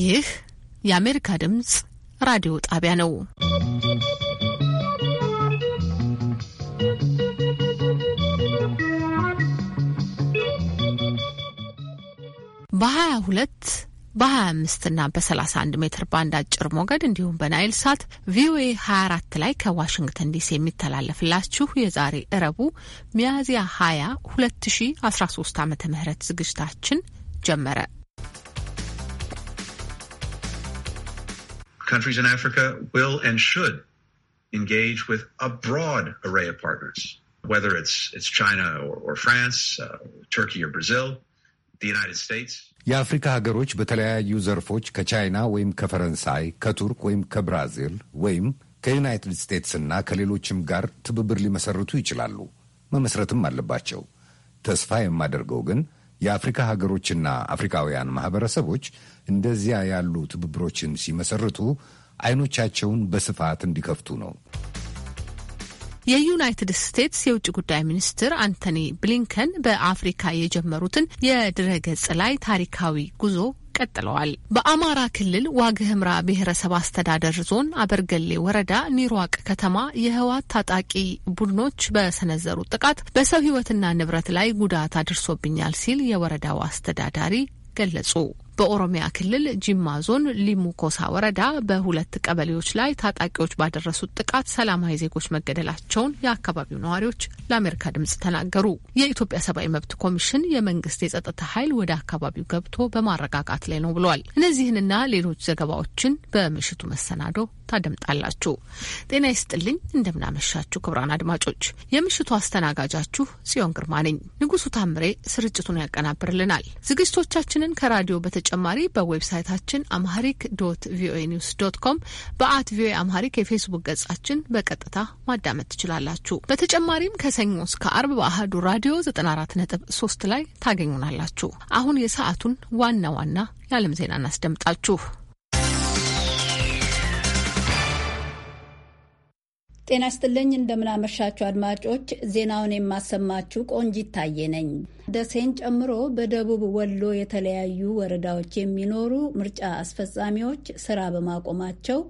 ይህ የአሜሪካ ድምጽ ራዲዮ ጣቢያ ነው። በ22 በ25 እና በ31 ሜትር ባንድ አጭር ሞገድ እንዲሁም በናይል ሳት ቪኦኤ 24 ላይ ከዋሽንግተን ዲሲ የሚተላለፍላችሁ የዛሬ እረቡ ሚያዝያ 20 2013 ዓ ም ዝግጅታችን ጀመረ። countries in Africa will and should engage with a broad array of partners, whether it's, it's China or, or France, uh, Turkey or Brazil, the United States. የአፍሪካ ሀገሮች በተለያዩ ዘርፎች ከቻይና ወይም ከፈረንሳይ ከቱርክ ወይም ከብራዚል ወይም ከዩናይትድ ስቴትስና ከሌሎችም ጋር ትብብር ሊመሰርቱ ይችላሉ። መመስረትም አለባቸው። ተስፋ የማደርገው ግን የአፍሪካ ሀገሮችና አፍሪካውያን ማህበረሰቦች እንደዚያ ያሉ ትብብሮችን ሲመሰርቱ አይኖቻቸውን በስፋት እንዲከፍቱ ነው። የዩናይትድ ስቴትስ የውጭ ጉዳይ ሚኒስትር አንቶኒ ብሊንከን በአፍሪካ የጀመሩትን የድረገጽ ላይ ታሪካዊ ጉዞ ቀጥለዋል። በአማራ ክልል ዋግ ህምራ ብሔረሰብ አስተዳደር ዞን አበርገሌ ወረዳ ኒሯቅ ከተማ የህወሓት ታጣቂ ቡድኖች በሰነዘሩት ጥቃት በሰው ህይወትና ንብረት ላይ ጉዳት አድርሶብኛል ሲል የወረዳው አስተዳዳሪ ገለጹ። በኦሮሚያ ክልል ጂማ ዞን ሊሙኮሳ ወረዳ በሁለት ቀበሌዎች ላይ ታጣቂዎች ባደረሱት ጥቃት ሰላማዊ ዜጎች መገደላቸውን የአካባቢው ነዋሪዎች ለአሜሪካ ድምጽ ተናገሩ። የኢትዮጵያ ሰብአዊ መብት ኮሚሽን የመንግስት የጸጥታ ኃይል ወደ አካባቢው ገብቶ በማረጋጋት ላይ ነው ብሏል። እነዚህንና ሌሎች ዘገባዎችን በምሽቱ መሰናዶ ታደምጣላችሁ። ጤና ይስጥልኝ። እንደምናመሻችሁ ክቡራን አድማጮች፣ የምሽቱ አስተናጋጃችሁ ጽዮን ግርማ ነኝ። ንጉሱ ታምሬ ስርጭቱን ያቀናብርልናል። ዝግጅቶቻችንን ከራዲዮ በተ በተጨማሪ በዌብሳይታችን አምሃሪክ ዶት ቪኦኤ ኒውስ ዶት ኮም በአት ቪኦኤ አምሃሪክ የፌስቡክ ገጻችን በቀጥታ ማዳመጥ ትችላላችሁ። በተጨማሪም ከሰኞ እስከ አርብ በአህዱ ራዲዮ 94.3 ላይ ታገኙናላችሁ። አሁን የሰዓቱን ዋና ዋና የዓለም ዜና እናስደምጣችሁ። ጤና ይስጥልኝ እንደምናመሻችሁ አድማጮች፣ ዜናውን የማሰማችሁ ቆንጅ ይታየ ነኝ። ደሴን ጨምሮ በደቡብ ወሎ የተለያዩ ወረዳዎች የሚኖሩ ምርጫ አስፈጻሚዎች ስራ በማቆማቸው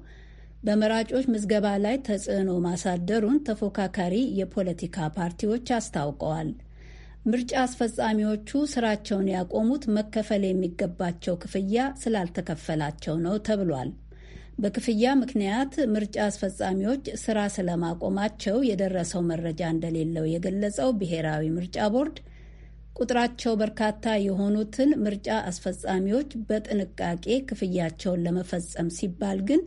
በመራጮች ምዝገባ ላይ ተጽዕኖ ማሳደሩን ተፎካካሪ የፖለቲካ ፓርቲዎች አስታውቀዋል። ምርጫ አስፈጻሚዎቹ ስራቸውን ያቆሙት መከፈል የሚገባቸው ክፍያ ስላልተከፈላቸው ነው ተብሏል። በክፍያ ምክንያት ምርጫ አስፈጻሚዎች ስራ ስለማቆማቸው የደረሰው መረጃ እንደሌለው የገለጸው ብሔራዊ ምርጫ ቦርድ ቁጥራቸው በርካታ የሆኑትን ምርጫ አስፈጻሚዎች በጥንቃቄ ክፍያቸውን ለመፈጸም ሲባል ግን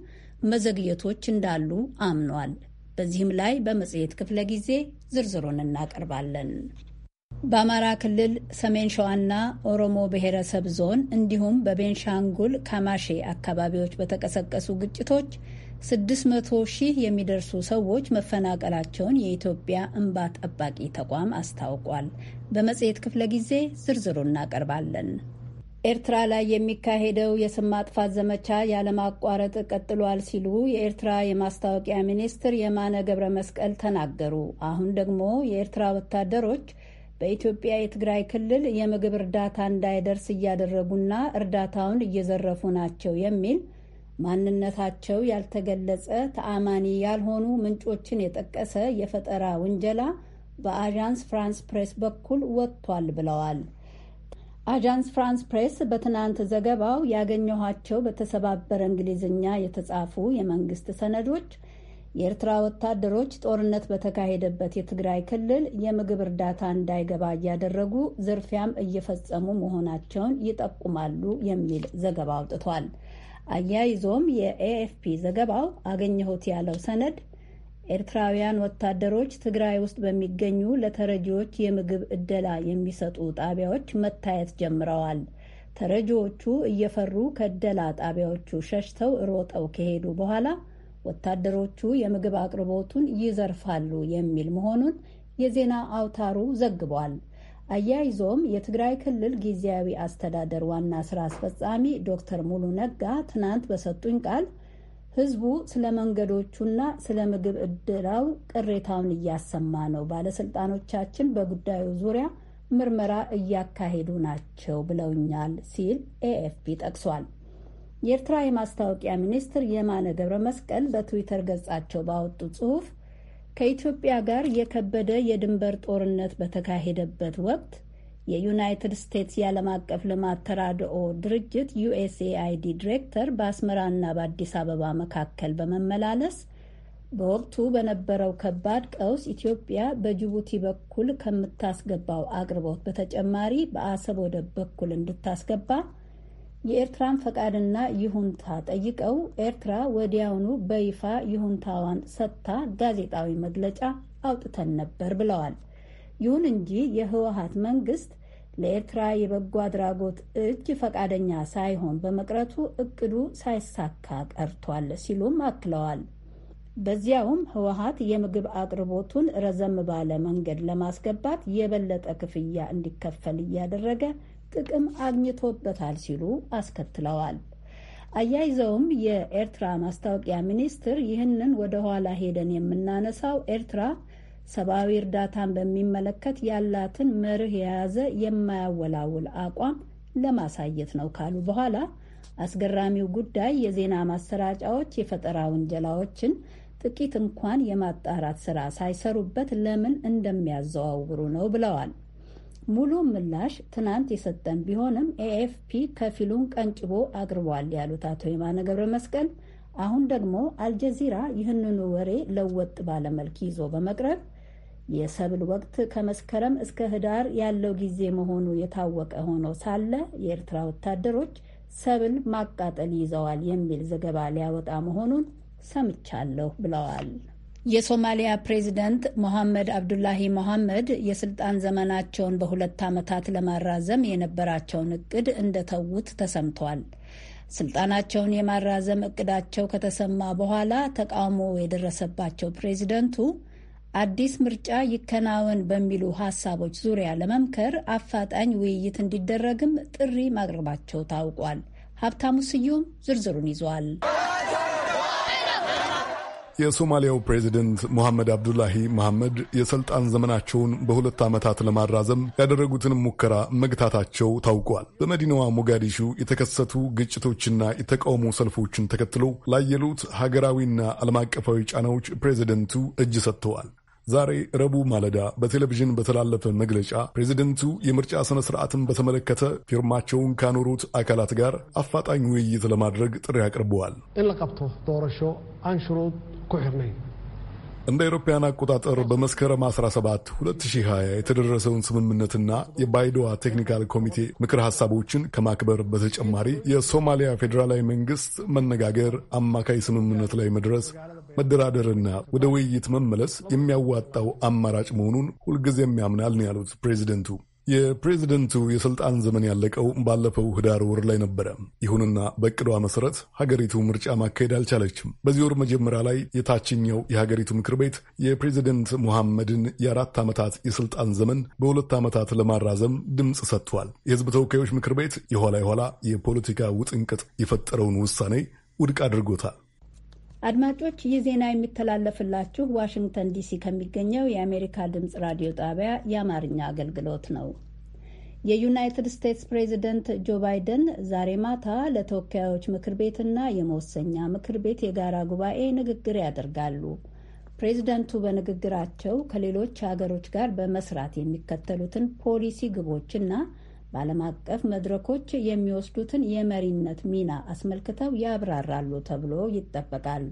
መዘግየቶች እንዳሉ አምኗል። በዚህም ላይ በመጽሔት ክፍለ ጊዜ ዝርዝሩን እናቀርባለን። በአማራ ክልል ሰሜን ሸዋና ኦሮሞ ብሔረሰብ ዞን እንዲሁም በቤንሻንጉል ካማሼ አካባቢዎች በተቀሰቀሱ ግጭቶች 600 ሺህ የሚደርሱ ሰዎች መፈናቀላቸውን የኢትዮጵያ እንባ ጠባቂ ተቋም አስታውቋል። በመጽሔት ክፍለ ጊዜ ዝርዝሩ እናቀርባለን። ኤርትራ ላይ የሚካሄደው የስም ማጥፋት ዘመቻ ያለማቋረጥ ቀጥሏል ሲሉ የኤርትራ የማስታወቂያ ሚኒስትር የማነ ገብረ መስቀል ተናገሩ። አሁን ደግሞ የኤርትራ ወታደሮች በኢትዮጵያ የትግራይ ክልል የምግብ እርዳታ እንዳይደርስ እያደረጉና እርዳታውን እየዘረፉ ናቸው የሚል ማንነታቸው ያልተገለጸ ተአማኒ ያልሆኑ ምንጮችን የጠቀሰ የፈጠራ ውንጀላ በአዣንስ ፍራንስ ፕሬስ በኩል ወጥቷል ብለዋል። አዣንስ ፍራንስ ፕሬስ በትናንት ዘገባው ያገኘኋቸው በተሰባበረ እንግሊዝኛ የተጻፉ የመንግስት ሰነዶች የኤርትራ ወታደሮች ጦርነት በተካሄደበት የትግራይ ክልል የምግብ እርዳታ እንዳይገባ እያደረጉ ዝርፊያም እየፈጸሙ መሆናቸውን ይጠቁማሉ የሚል ዘገባ አውጥቷል። አያይዞም የኤኤፍፒ ዘገባው አገኘሁት ያለው ሰነድ ኤርትራውያን ወታደሮች ትግራይ ውስጥ በሚገኙ ለተረጂዎች የምግብ እደላ የሚሰጡ ጣቢያዎች መታየት ጀምረዋል። ተረጂዎቹ እየፈሩ ከእደላ ጣቢያዎቹ ሸሽተው ሮጠው ከሄዱ በኋላ ወታደሮቹ የምግብ አቅርቦቱን ይዘርፋሉ የሚል መሆኑን የዜና አውታሩ ዘግቧል። አያይዞም የትግራይ ክልል ጊዜያዊ አስተዳደር ዋና ስራ አስፈጻሚ ዶክተር ሙሉ ነጋ ትናንት በሰጡኝ ቃል ህዝቡ ስለ መንገዶቹና ስለ ምግብ እድራው ቅሬታውን እያሰማ ነው፣ ባለስልጣኖቻችን በጉዳዩ ዙሪያ ምርመራ እያካሄዱ ናቸው ብለውኛል ሲል ኤኤፍፒ ጠቅሷል። የኤርትራ የማስታወቂያ ሚኒስትር የማነ ገብረ መስቀል በትዊተር ገጻቸው ባወጡ ጽሑፍ ከኢትዮጵያ ጋር የከበደ የድንበር ጦርነት በተካሄደበት ወቅት የዩናይትድ ስቴትስ የዓለም አቀፍ ልማት ተራድኦ ድርጅት ዩኤስኤአይዲ ዲሬክተር በአስመራና በአዲስ አበባ መካከል በመመላለስ በወቅቱ በነበረው ከባድ ቀውስ ኢትዮጵያ በጅቡቲ በኩል ከምታስገባው አቅርቦት በተጨማሪ በአሰብ ወደብ በኩል እንድታስገባ የኤርትራን ፈቃድና ይሁንታ ጠይቀው ኤርትራ ወዲያውኑ በይፋ ይሁንታዋን ሰጥታ ጋዜጣዊ መግለጫ አውጥተን ነበር ብለዋል። ይሁን እንጂ የህወሀት መንግስት ለኤርትራ የበጎ አድራጎት እጅ ፈቃደኛ ሳይሆን በመቅረቱ እቅዱ ሳይሳካ ቀርቷል ሲሉም አክለዋል። በዚያውም ህወሀት የምግብ አቅርቦቱን ረዘም ባለ መንገድ ለማስገባት የበለጠ ክፍያ እንዲከፈል እያደረገ ጥቅም አግኝቶበታል ሲሉ አስከትለዋል። አያይዘውም የኤርትራ ማስታወቂያ ሚኒስትር ይህንን ወደ ኋላ ሄደን የምናነሳው ኤርትራ ሰብአዊ እርዳታን በሚመለከት ያላትን መርህ የያዘ የማያወላውል አቋም ለማሳየት ነው ካሉ በኋላ አስገራሚው ጉዳይ የዜና ማሰራጫዎች የፈጠራ ውንጀላዎችን ጥቂት እንኳን የማጣራት ስራ ሳይሰሩበት ለምን እንደሚያዘዋውሩ ነው ብለዋል። ሙሉ ምላሽ ትናንት የሰጠን ቢሆንም ኤኤፍፒ ከፊሉን ቀንጭቦ አቅርቧል ያሉት አቶ የማነ ገብረ መስቀል አሁን ደግሞ አልጀዚራ ይህንኑ ወሬ ለወጥ ባለመልክ ይዞ በመቅረብ የሰብል ወቅት ከመስከረም እስከ ህዳር ያለው ጊዜ መሆኑ የታወቀ ሆኖ ሳለ የኤርትራ ወታደሮች ሰብል ማቃጠል ይዘዋል የሚል ዘገባ ሊያወጣ መሆኑን ሰምቻለሁ ብለዋል። የሶማሊያ ፕሬዚደንት ሞሐመድ አብዱላሂ ሞሐመድ የስልጣን ዘመናቸውን በሁለት ዓመታት ለማራዘም የነበራቸውን እቅድ እንደተዉት ተሰምቷል። ስልጣናቸውን የማራዘም እቅዳቸው ከተሰማ በኋላ ተቃውሞ የደረሰባቸው ፕሬዚደንቱ አዲስ ምርጫ ይከናወን በሚሉ ሀሳቦች ዙሪያ ለመምከር አፋጣኝ ውይይት እንዲደረግም ጥሪ ማቅረባቸው ታውቋል። ሀብታሙ ስዩም ዝርዝሩን ይዟል። የሶማሊያው ፕሬዚደንት ሞሐመድ አብዱላሂ መሐመድ የስልጣን ዘመናቸውን በሁለት ዓመታት ለማራዘም ያደረጉትን ሙከራ መግታታቸው ታውቋል። በመዲናዋ ሞጋዲሹ የተከሰቱ ግጭቶችና የተቃውሞ ሰልፎችን ተከትሎ ላየሉት ሀገራዊና ዓለም አቀፋዊ ጫናዎች ፕሬዚደንቱ እጅ ሰጥተዋል። ዛሬ ረቡዕ ማለዳ በቴሌቪዥን በተላለፈ መግለጫ ፕሬዚደንቱ የምርጫ ሥነ ሥርዓትን በተመለከተ ፊርማቸውን ካኖሩት አካላት ጋር አፋጣኝ ውይይት ለማድረግ ጥሪ አቅርበዋል። ኮከብ ነኝ። እንደ አውሮፓውያን አቆጣጠር በመስከረም 17 2020 የተደረሰውን ስምምነትና የባይዶዋ ቴክኒካል ኮሚቴ ምክር ሀሳቦችን ከማክበር በተጨማሪ የሶማሊያ ፌዴራላዊ መንግስት መነጋገር፣ አማካይ ስምምነት ላይ መድረስ፣ መደራደርና ወደ ውይይት መመለስ የሚያዋጣው አማራጭ መሆኑን ሁልጊዜም ያምናል ነው ያሉት ፕሬዚደንቱ። የፕሬዚደንቱ የስልጣን ዘመን ያለቀው ባለፈው ህዳር ወር ላይ ነበረ። ይሁንና በእቅዷ መሰረት ሀገሪቱ ምርጫ ማካሄድ አልቻለችም። በዚህ ወር መጀመሪያ ላይ የታችኛው የሀገሪቱ ምክር ቤት የፕሬዚደንት ሙሐመድን የአራት ዓመታት የስልጣን ዘመን በሁለት ዓመታት ለማራዘም ድምፅ ሰጥቷል። የህዝብ ተወካዮች ምክር ቤት የኋላ የኋላ የፖለቲካ ውጥንቅጥ የፈጠረውን ውሳኔ ውድቅ አድርጎታል። አድማጮች ይህ ዜና የሚተላለፍላችሁ ዋሽንግተን ዲሲ ከሚገኘው የአሜሪካ ድምፅ ራዲዮ ጣቢያ የአማርኛ አገልግሎት ነው። የዩናይትድ ስቴትስ ፕሬዚደንት ጆ ባይደን ዛሬ ማታ ለተወካዮች ምክር ቤትና የመወሰኛ ምክር ቤት የጋራ ጉባኤ ንግግር ያደርጋሉ። ፕሬዚደንቱ በንግግራቸው ከሌሎች ሀገሮች ጋር በመስራት የሚከተሉትን ፖሊሲ ግቦችና በዓለም አቀፍ መድረኮች የሚወስዱትን የመሪነት ሚና አስመልክተው ያብራራሉ ተብሎ ይጠበቃል።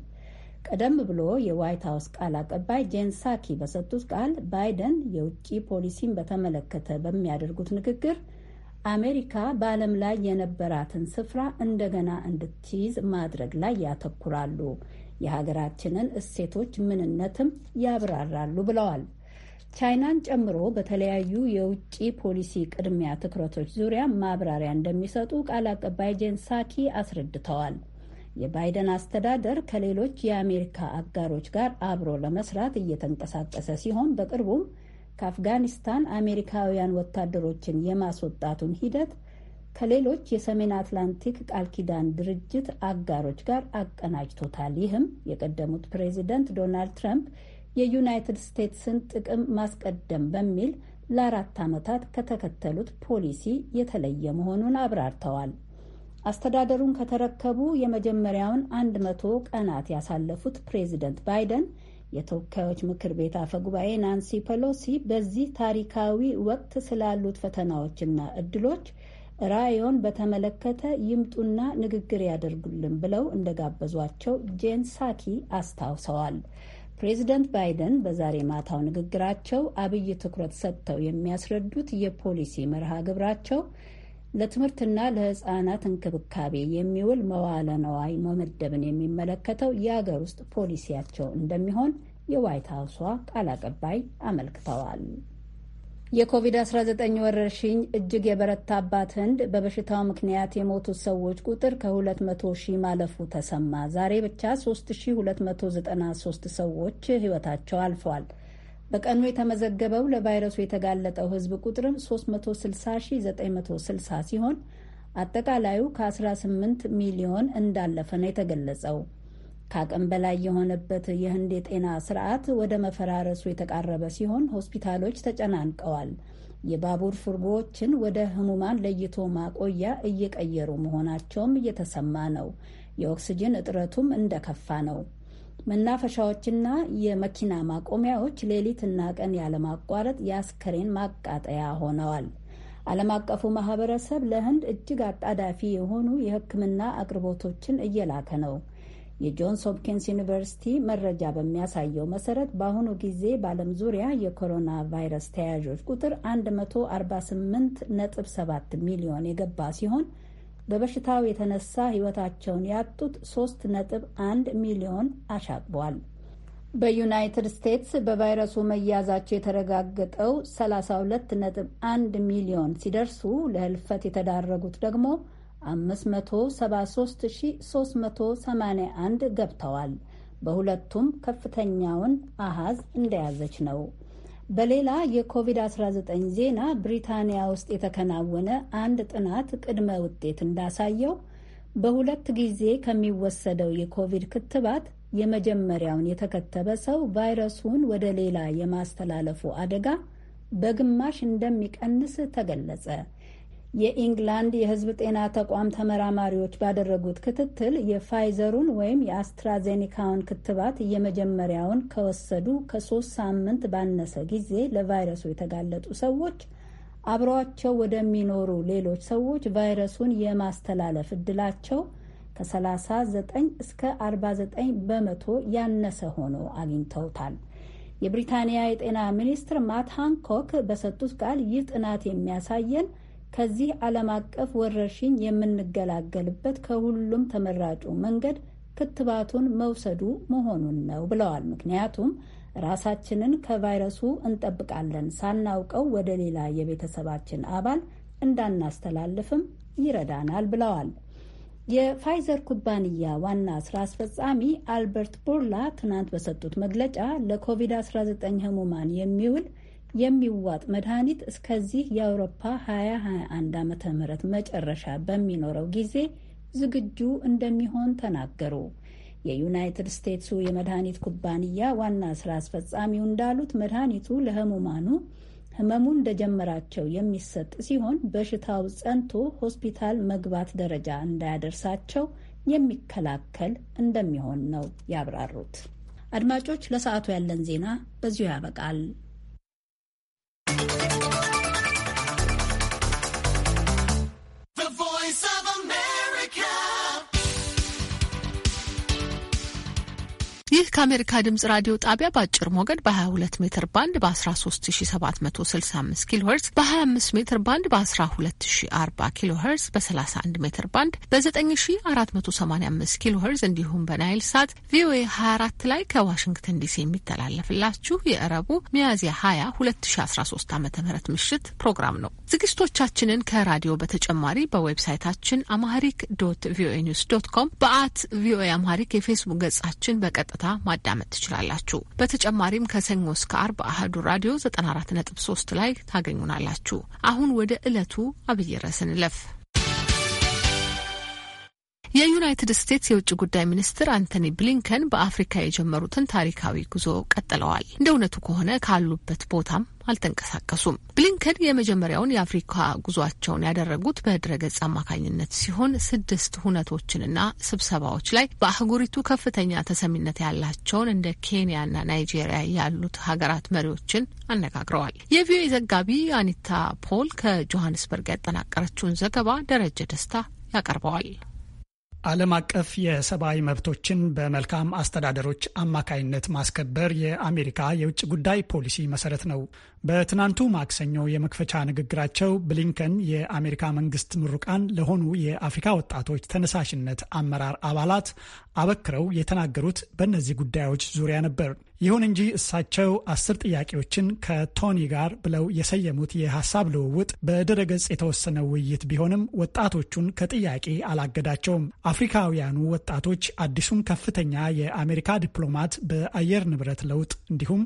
ቀደም ብሎ የዋይት ሀውስ ቃል አቀባይ ጄን ሳኪ በሰጡት ቃል ባይደን የውጭ ፖሊሲን በተመለከተ በሚያደርጉት ንግግር አሜሪካ በዓለም ላይ የነበራትን ስፍራ እንደገና እንድትይዝ ማድረግ ላይ ያተኩራሉ፣ የሀገራችንን እሴቶች ምንነትም ያብራራሉ ብለዋል። ቻይናን ጨምሮ በተለያዩ የውጭ ፖሊሲ ቅድሚያ ትኩረቶች ዙሪያ ማብራሪያ እንደሚሰጡ ቃል አቀባይ ጄን ሳኪ አስረድተዋል። የባይደን አስተዳደር ከሌሎች የአሜሪካ አጋሮች ጋር አብሮ ለመስራት እየተንቀሳቀሰ ሲሆን በቅርቡም ከአፍጋኒስታን አሜሪካውያን ወታደሮችን የማስወጣቱን ሂደት ከሌሎች የሰሜን አትላንቲክ ቃል ኪዳን ድርጅት አጋሮች ጋር አቀናጅቶታል። ይህም የቀደሙት ፕሬዚደንት ዶናልድ ትራምፕ የዩናይትድ ስቴትስን ጥቅም ማስቀደም በሚል ለአራት ዓመታት ከተከተሉት ፖሊሲ የተለየ መሆኑን አብራርተዋል። አስተዳደሩን ከተረከቡ የመጀመሪያውን አንድ መቶ ቀናት ያሳለፉት ፕሬዚደንት ባይደን የተወካዮች ምክር ቤት አፈ ጉባኤ ናንሲ ፐሎሲ በዚህ ታሪካዊ ወቅት ስላሉት ፈተናዎችና እድሎች ራዮን በተመለከተ ይምጡና ንግግር ያደርጉልን ብለው እንደጋበዟቸው ጄን ሳኪ አስታውሰዋል። ፕሬዚደንት ባይደን በዛሬ ማታው ንግግራቸው አብይ ትኩረት ሰጥተው የሚያስረዱት የፖሊሲ መርሃ ግብራቸው ለትምህርትና ለሕፃናት እንክብካቤ የሚውል መዋለ ነዋይ መመደብን የሚመለከተው የአገር ውስጥ ፖሊሲያቸው እንደሚሆን የዋይት ሀውሷ ቃል አቀባይ አመልክተዋል። የኮቪድ-19 ወረርሽኝ እጅግ የበረታባት ህንድ በበሽታው ምክንያት የሞቱት ሰዎች ቁጥር ከ200 ሺህ ማለፉ ተሰማ። ዛሬ ብቻ 3293 ሰዎች ህይወታቸው አልፏል። በቀኑ የተመዘገበው ለቫይረሱ የተጋለጠው ህዝብ ቁጥርም 360960 ሲሆን አጠቃላዩ ከ18 ሚሊዮን እንዳለፈ ነው የተገለጸው። ከአቅም በላይ የሆነበት የህንድ የጤና ስርዓት ወደ መፈራረሱ የተቃረበ ሲሆን ሆስፒታሎች ተጨናንቀዋል። የባቡር ፉርጎዎችን ወደ ህሙማን ለይቶ ማቆያ እየቀየሩ መሆናቸውም እየተሰማ ነው። የኦክስጅን እጥረቱም እንደከፋ ነው። መናፈሻዎችና የመኪና ማቆሚያዎች ሌሊትና ቀን ያለማቋረጥ የአስከሬን ማቃጠያ ሆነዋል። ዓለም አቀፉ ማህበረሰብ ለህንድ እጅግ አጣዳፊ የሆኑ የህክምና አቅርቦቶችን እየላከ ነው። የጆንስ ሆፕኪንስ ዩኒቨርሲቲ መረጃ በሚያሳየው መሰረት በአሁኑ ጊዜ በዓለም ዙሪያ የኮሮና ቫይረስ ተያዦች ቁጥር 148.7 ሚሊዮን የገባ ሲሆን በበሽታው የተነሳ ሕይወታቸውን ያጡት 3.1 ሚሊዮን አሻቅቧል። በዩናይትድ ስቴትስ በቫይረሱ መያዛቸው የተረጋገጠው 32.1 ሚሊዮን ሲደርሱ ለህልፈት የተዳረጉት ደግሞ 573381 ገብተዋል። በሁለቱም ከፍተኛውን አሃዝ እንደያዘች ነው። በሌላ የኮቪድ-19 ዜና ብሪታንያ ውስጥ የተከናወነ አንድ ጥናት ቅድመ ውጤት እንዳሳየው በሁለት ጊዜ ከሚወሰደው የኮቪድ ክትባት የመጀመሪያውን የተከተበ ሰው ቫይረሱን ወደ ሌላ የማስተላለፉ አደጋ በግማሽ እንደሚቀንስ ተገለጸ። የኢንግላንድ የሕዝብ ጤና ተቋም ተመራማሪዎች ባደረጉት ክትትል የፋይዘሩን ወይም የአስትራዜኒካውን ክትባት የመጀመሪያውን ከወሰዱ ከሶስት ሳምንት ባነሰ ጊዜ ለቫይረሱ የተጋለጡ ሰዎች አብረዋቸው ወደሚኖሩ ሌሎች ሰዎች ቫይረሱን የማስተላለፍ እድላቸው ከ39 እስከ 49 በመቶ ያነሰ ሆኖ አግኝተውታል። የብሪታንያ የጤና ሚኒስትር ማት ሃንኮክ በሰጡት ቃል ይህ ጥናት የሚያሳየን ከዚህ ዓለም አቀፍ ወረርሽኝ የምንገላገልበት ከሁሉም ተመራጩ መንገድ ክትባቱን መውሰዱ መሆኑን ነው ብለዋል። ምክንያቱም ራሳችንን ከቫይረሱ እንጠብቃለን፣ ሳናውቀው ወደ ሌላ የቤተሰባችን አባል እንዳናስተላልፍም ይረዳናል ብለዋል። የፋይዘር ኩባንያ ዋና ስራ አስፈጻሚ አልበርት ቦርላ ትናንት በሰጡት መግለጫ ለኮቪድ-19 ህሙማን የሚውል የሚዋጥ መድኃኒት እስከዚህ የአውሮፓ 2021 ዓ ም መጨረሻ በሚኖረው ጊዜ ዝግጁ እንደሚሆን ተናገሩ። የዩናይትድ ስቴትሱ የመድኃኒት ኩባንያ ዋና ስራ አስፈጻሚው እንዳሉት መድኃኒቱ ለህሙማኑ ህመሙ እንደጀመራቸው የሚሰጥ ሲሆን በሽታው ጸንቶ ሆስፒታል መግባት ደረጃ እንዳያደርሳቸው የሚከላከል እንደሚሆን ነው ያብራሩት። አድማጮች፣ ለሰዓቱ ያለን ዜና በዚሁ ያበቃል። ይህ ከአሜሪካ ድምጽ ራዲዮ ጣቢያ በአጭር ሞገድ በ22 ሜትር ባንድ በ13765 ኪሎ ሄርዝ በ25 ሜትር ባንድ በ1240 ኪሎ ሄርዝ በ31 ሜትር ባንድ በ9485 ኪሎ ሄርዝ እንዲሁም በናይል ሳት ቪኦኤ 24 ላይ ከዋሽንግተን ዲሲ የሚተላለፍላችሁ የእረቡ ሚያዝያ 20 2013 ዓ ም ምሽት ፕሮግራም ነው። ዝግጅቶቻችንን ከራዲዮ በተጨማሪ በዌብሳይታችን አማሪክ ዶት ቪኦኤ ኒውስ ዶት ኮም በአት ቪኦኤ አማሪክ የፌስቡክ ገጻችን በቀጥታ በቀጥታ ማዳመጥ ትችላላችሁ። በተጨማሪም ከሰኞ እስከ አርብ አህዱ ራዲዮ 94.3 ላይ ታገኙናላችሁ። አሁን ወደ ዕለቱ አብይ ርዕስ እንለፍ። የዩናይትድ ስቴትስ የውጭ ጉዳይ ሚኒስትር አንቶኒ ብሊንከን በአፍሪካ የጀመሩትን ታሪካዊ ጉዞ ቀጥለዋል። እንደ እውነቱ ከሆነ ካሉበት ቦታም አልተንቀሳቀሱም። ብሊንከን የመጀመሪያውን የአፍሪካ ጉዟቸውን ያደረጉት በድረገጽ አማካኝነት ሲሆን ስድስት ሁነቶችንና ስብሰባዎች ላይ በአህጉሪቱ ከፍተኛ ተሰሚነት ያላቸውን እንደ ኬንያና ናይጄሪያ ያሉት ሀገራት መሪዎችን አነጋግረዋል። የቪኦኤ ዘጋቢ አኒታ ፖል ከጆሀንስበርግ ያጠናቀረችውን ዘገባ ደረጀ ደስታ ያቀርበዋል። ዓለም አቀፍ የሰብአዊ መብቶችን በመልካም አስተዳደሮች አማካይነት ማስከበር የአሜሪካ የውጭ ጉዳይ ፖሊሲ መሰረት ነው። በትናንቱ ማክሰኞ የመክፈቻ ንግግራቸው ብሊንከን የአሜሪካ መንግስት ምሩቃን ለሆኑ የአፍሪካ ወጣቶች ተነሳሽነት አመራር አባላት አበክረው የተናገሩት በእነዚህ ጉዳዮች ዙሪያ ነበር። ይሁን እንጂ እሳቸው አስር ጥያቄዎችን ከቶኒ ጋር ብለው የሰየሙት የሀሳብ ልውውጥ በድረገጽ የተወሰነ ውይይት ቢሆንም ወጣቶቹን ከጥያቄ አላገዳቸውም። አፍሪካውያኑ ወጣቶች አዲሱን ከፍተኛ የአሜሪካ ዲፕሎማት በአየር ንብረት ለውጥ እንዲሁም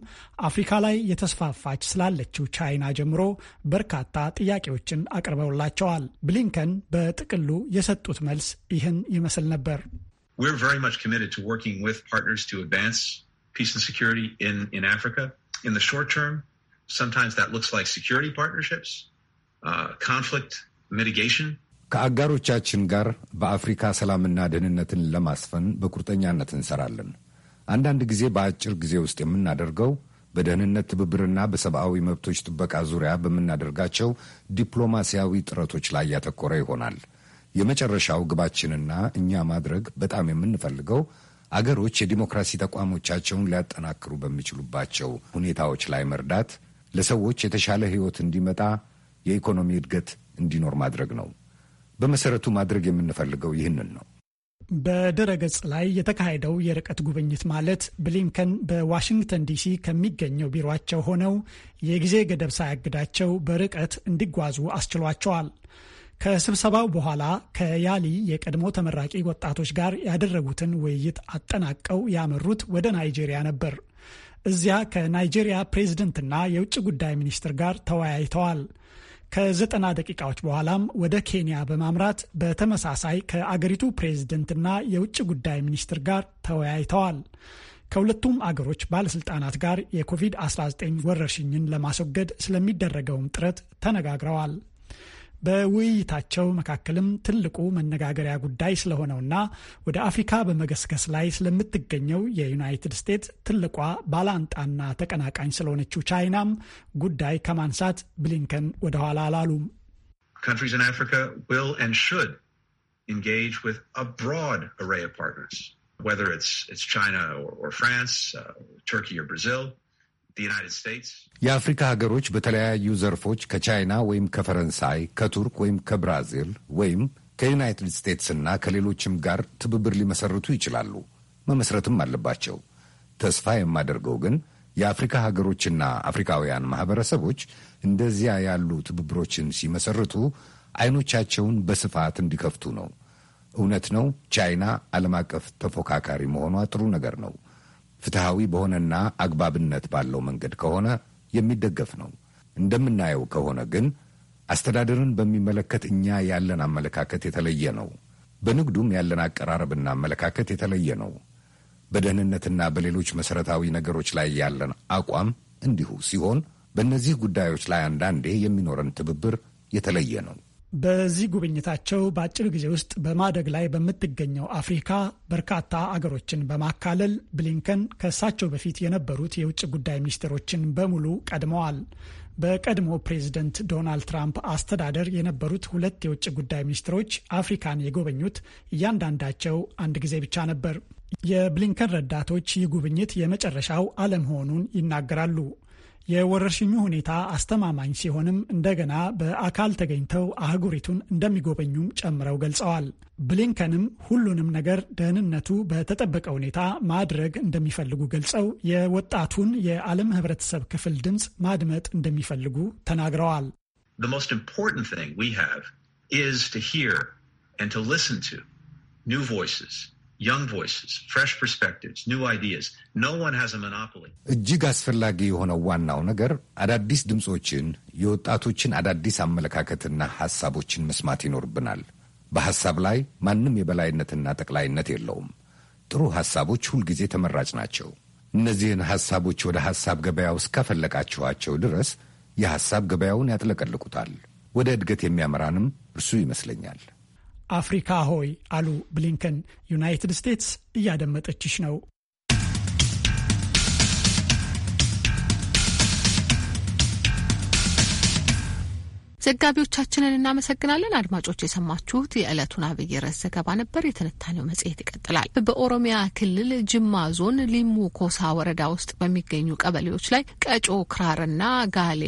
አፍሪካ ላይ የተስፋፋች ስላለችው ቻይና ጀምሮ በርካታ ጥያቄዎችን አቅርበውላቸዋል። ብሊንከን በጥቅሉ የሰጡት መልስ ይህን ይመስል ነበር። we're very much committed to working with partners to advance peace and security in, in Africa. In the short term, sometimes that looks like security partnerships, uh, conflict mitigation. ከአጋሮቻችን ጋር በአፍሪካ ሰላምና ደህንነትን ለማስፈን በቁርጠኛነት እንሰራለን። አንዳንድ ጊዜ በአጭር ጊዜ ውስጥ የምናደርገው በደህንነት ትብብርና በሰብአዊ መብቶች ጥበቃ ዙሪያ በምናደርጋቸው ዲፕሎማሲያዊ ጥረቶች ላይ ያተኮረ ይሆናል። የመጨረሻው ግባችንና እኛ ማድረግ በጣም የምንፈልገው አገሮች የዲሞክራሲ ተቋሞቻቸውን ሊያጠናክሩ በሚችሉባቸው ሁኔታዎች ላይ መርዳት፣ ለሰዎች የተሻለ ሕይወት እንዲመጣ፣ የኢኮኖሚ እድገት እንዲኖር ማድረግ ነው። በመሰረቱ ማድረግ የምንፈልገው ይህንን ነው። በድረገጽ ላይ የተካሄደው የርቀት ጉብኝት ማለት ብሊንከን በዋሽንግተን ዲሲ ከሚገኘው ቢሮቸው ሆነው የጊዜ ገደብ ሳያግዳቸው በርቀት እንዲጓዙ አስችሏቸዋል። ከስብሰባው በኋላ ከያሊ የቀድሞ ተመራቂ ወጣቶች ጋር ያደረጉትን ውይይት አጠናቀው ያመሩት ወደ ናይጄሪያ ነበር። እዚያ ከናይጄሪያ ፕሬዝደንትና የውጭ ጉዳይ ሚኒስትር ጋር ተወያይተዋል። ከዘጠና ደቂቃዎች በኋላም ወደ ኬንያ በማምራት በተመሳሳይ ከአገሪቱ ፕሬዝደንትና የውጭ ጉዳይ ሚኒስትር ጋር ተወያይተዋል። ከሁለቱም አገሮች ባለስልጣናት ጋር የኮቪድ-19 ወረርሽኝን ለማስወገድ ስለሚደረገውም ጥረት ተነጋግረዋል። በውይይታቸው መካከልም ትልቁ መነጋገሪያ ጉዳይ ስለሆነውና ወደ አፍሪካ በመገስገስ ላይ ስለምትገኘው የዩናይትድ ስቴትስ ትልቋ ባላንጣና ተቀናቃኝ ስለሆነችው ቻይናም ጉዳይ ከማንሳት ብሊንከን ወደኋላ አላሉም። engage with a broad array of partners, whether it's, it's China or, or France, uh, Turkey or Brazil. የአፍሪካ ሀገሮች በተለያዩ ዘርፎች ከቻይና ወይም ከፈረንሳይ ከቱርክ ወይም ከብራዚል ወይም ከዩናይትድ እና ከሌሎችም ጋር ትብብር ሊመሰርቱ ይችላሉ። መመስረትም አለባቸው። ተስፋ የማደርገው ግን የአፍሪካ ሀገሮችና አፍሪካውያን ማህበረሰቦች እንደዚያ ያሉ ትብብሮችን ሲመሰርቱ አይኖቻቸውን በስፋት እንዲከፍቱ ነው። እውነት ነው ቻይና ዓለም አቀፍ ተፎካካሪ መሆኗ ጥሩ ነገር ነው። ፍትሐዊ በሆነና አግባብነት ባለው መንገድ ከሆነ የሚደገፍ ነው። እንደምናየው ከሆነ ግን አስተዳደርን በሚመለከት እኛ ያለን አመለካከት የተለየ ነው። በንግዱም ያለን አቀራረብና አመለካከት የተለየ ነው። በደህንነትና በሌሎች መሰረታዊ ነገሮች ላይ ያለን አቋም እንዲሁ ሲሆን፣ በእነዚህ ጉዳዮች ላይ አንዳንዴ የሚኖረን ትብብር የተለየ ነው። በዚህ ጉብኝታቸው በአጭር ጊዜ ውስጥ በማደግ ላይ በምትገኘው አፍሪካ በርካታ አገሮችን በማካለል ብሊንከን ከእሳቸው በፊት የነበሩት የውጭ ጉዳይ ሚኒስትሮችን በሙሉ ቀድመዋል። በቀድሞ ፕሬዝደንት ዶናልድ ትራምፕ አስተዳደር የነበሩት ሁለት የውጭ ጉዳይ ሚኒስትሮች አፍሪካን የጎበኙት እያንዳንዳቸው አንድ ጊዜ ብቻ ነበር። የብሊንከን ረዳቶች ይህ ጉብኝት የመጨረሻው አለመሆኑን ይናገራሉ። የወረርሽኙ ሁኔታ አስተማማኝ ሲሆንም እንደገና በአካል ተገኝተው አህጉሪቱን እንደሚጎበኙም ጨምረው ገልጸዋል። ብሊንከንም ሁሉንም ነገር ደህንነቱ በተጠበቀ ሁኔታ ማድረግ እንደሚፈልጉ ገልጸው የወጣቱን የዓለም ሕብረተሰብ ክፍል ድምፅ ማድመጥ እንደሚፈልጉ ተናግረዋል። The most important thing we have is to hear and to listen to new voices. እጅግ አስፈላጊ የሆነው ዋናው ነገር አዳዲስ ድምፆችን፣ የወጣቶችን አዳዲስ አመለካከትና ሀሳቦችን መስማት ይኖርብናል። በሀሳብ ላይ ማንም የበላይነትና ጠቅላይነት የለውም። ጥሩ ሀሳቦች ሁልጊዜ ተመራጭ ናቸው። እነዚህን ሀሳቦች ወደ ሀሳብ ገበያው እስካፈለቃችኋቸው ድረስ የሀሳብ ገበያውን ያጥለቀልቁታል። ወደ እድገት የሚያመራንም እርሱ ይመስለኛል። አፍሪካ ሆይ አሉ ብሊንከን። ዩናይትድ ስቴትስ እያደመጠችሽ ነው። ዘጋቢዎቻችንን እናመሰግናለን። አድማጮች የሰማችሁት የዕለቱን አብይ ርዕስ ዘገባ ነበር። የትንታኔው መጽሔት ይቀጥላል። በኦሮሚያ ክልል ጅማ ዞን ሊሙ ኮሳ ወረዳ ውስጥ በሚገኙ ቀበሌዎች ላይ ቀጮ ክራርና ጋሌ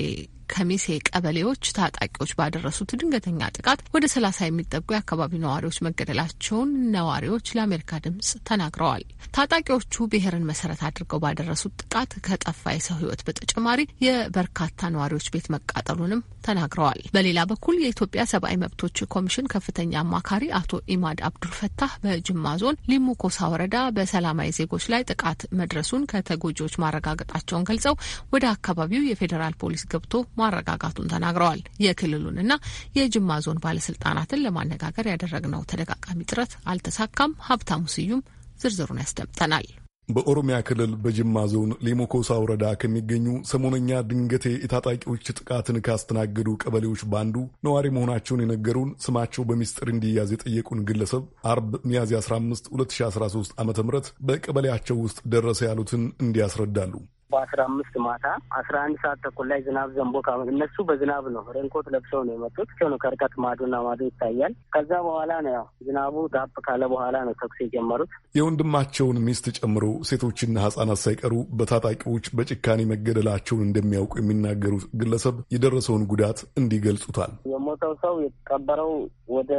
ከሚሴ ቀበሌዎች ታጣቂዎች ባደረሱት ድንገተኛ ጥቃት ወደ ሰላሳ የሚጠጉ የአካባቢው ነዋሪዎች መገደላቸውን ነዋሪዎች ለአሜሪካ ድምጽ ተናግረዋል። ታጣቂዎቹ ብሔርን መሰረት አድርገው ባደረሱት ጥቃት ከጠፋ የሰው ህይወት በተጨማሪ የበርካታ ነዋሪዎች ቤት መቃጠሉንም ተናግረዋል። በሌላ በኩል የኢትዮጵያ ሰብአዊ መብቶች ኮሚሽን ከፍተኛ አማካሪ አቶ ኢማድ አብዱልፈታህ በጅማ ዞን ሊሙ ኮሳ ወረዳ በሰላማዊ ዜጎች ላይ ጥቃት መድረሱን ከተጎጂዎች ማረጋገጣቸውን ገልጸው ወደ አካባቢው የፌዴራል ፖሊስ ገብቶ ማረጋጋቱን ተናግረዋል። የክልሉንና የጅማ ዞን ባለስልጣናትን ለማነጋገር ያደረግነው ተደጋጋሚ ጥረት አልተሳካም። ሀብታሙ ስዩም ዝርዝሩን ያስደምጠናል። በኦሮሚያ ክልል በጅማ ዞን ሌሞኮሳ ወረዳ ከሚገኙ ሰሞነኛ ድንገቴ የታጣቂዎች ጥቃትን ካስተናገዱ ቀበሌዎች በአንዱ ነዋሪ መሆናቸውን የነገሩን ስማቸው በሚስጥር እንዲያዝ የጠየቁን ግለሰብ አርብ ሚያዝያ 15 2013 ዓ ም በቀበሌያቸው ውስጥ ደረሰ ያሉትን እንዲያስረዳሉ በአስራ አምስት ማታ አስራ አንድ ሰዓት ተኩል ላይ ዝናብ ዘንቦ እነሱ በዝናብ ነው ሬንኮት ለብሰው ነው የመጡት ሆነ ከርቀት ማዶና ማዶ ይታያል። ከዛ በኋላ ነው ያው ዝናቡ ዳፕ ካለ በኋላ ነው ተኩስ የጀመሩት። የወንድማቸውን ሚስት ጨምሮ ሴቶችና ህጻናት ሳይቀሩ በታጣቂዎች በጭካኔ መገደላቸውን እንደሚያውቁ የሚናገሩት ግለሰብ የደረሰውን ጉዳት እንዲህ ገልጹታል። የሞተው ሰው የተቀበረው ወደ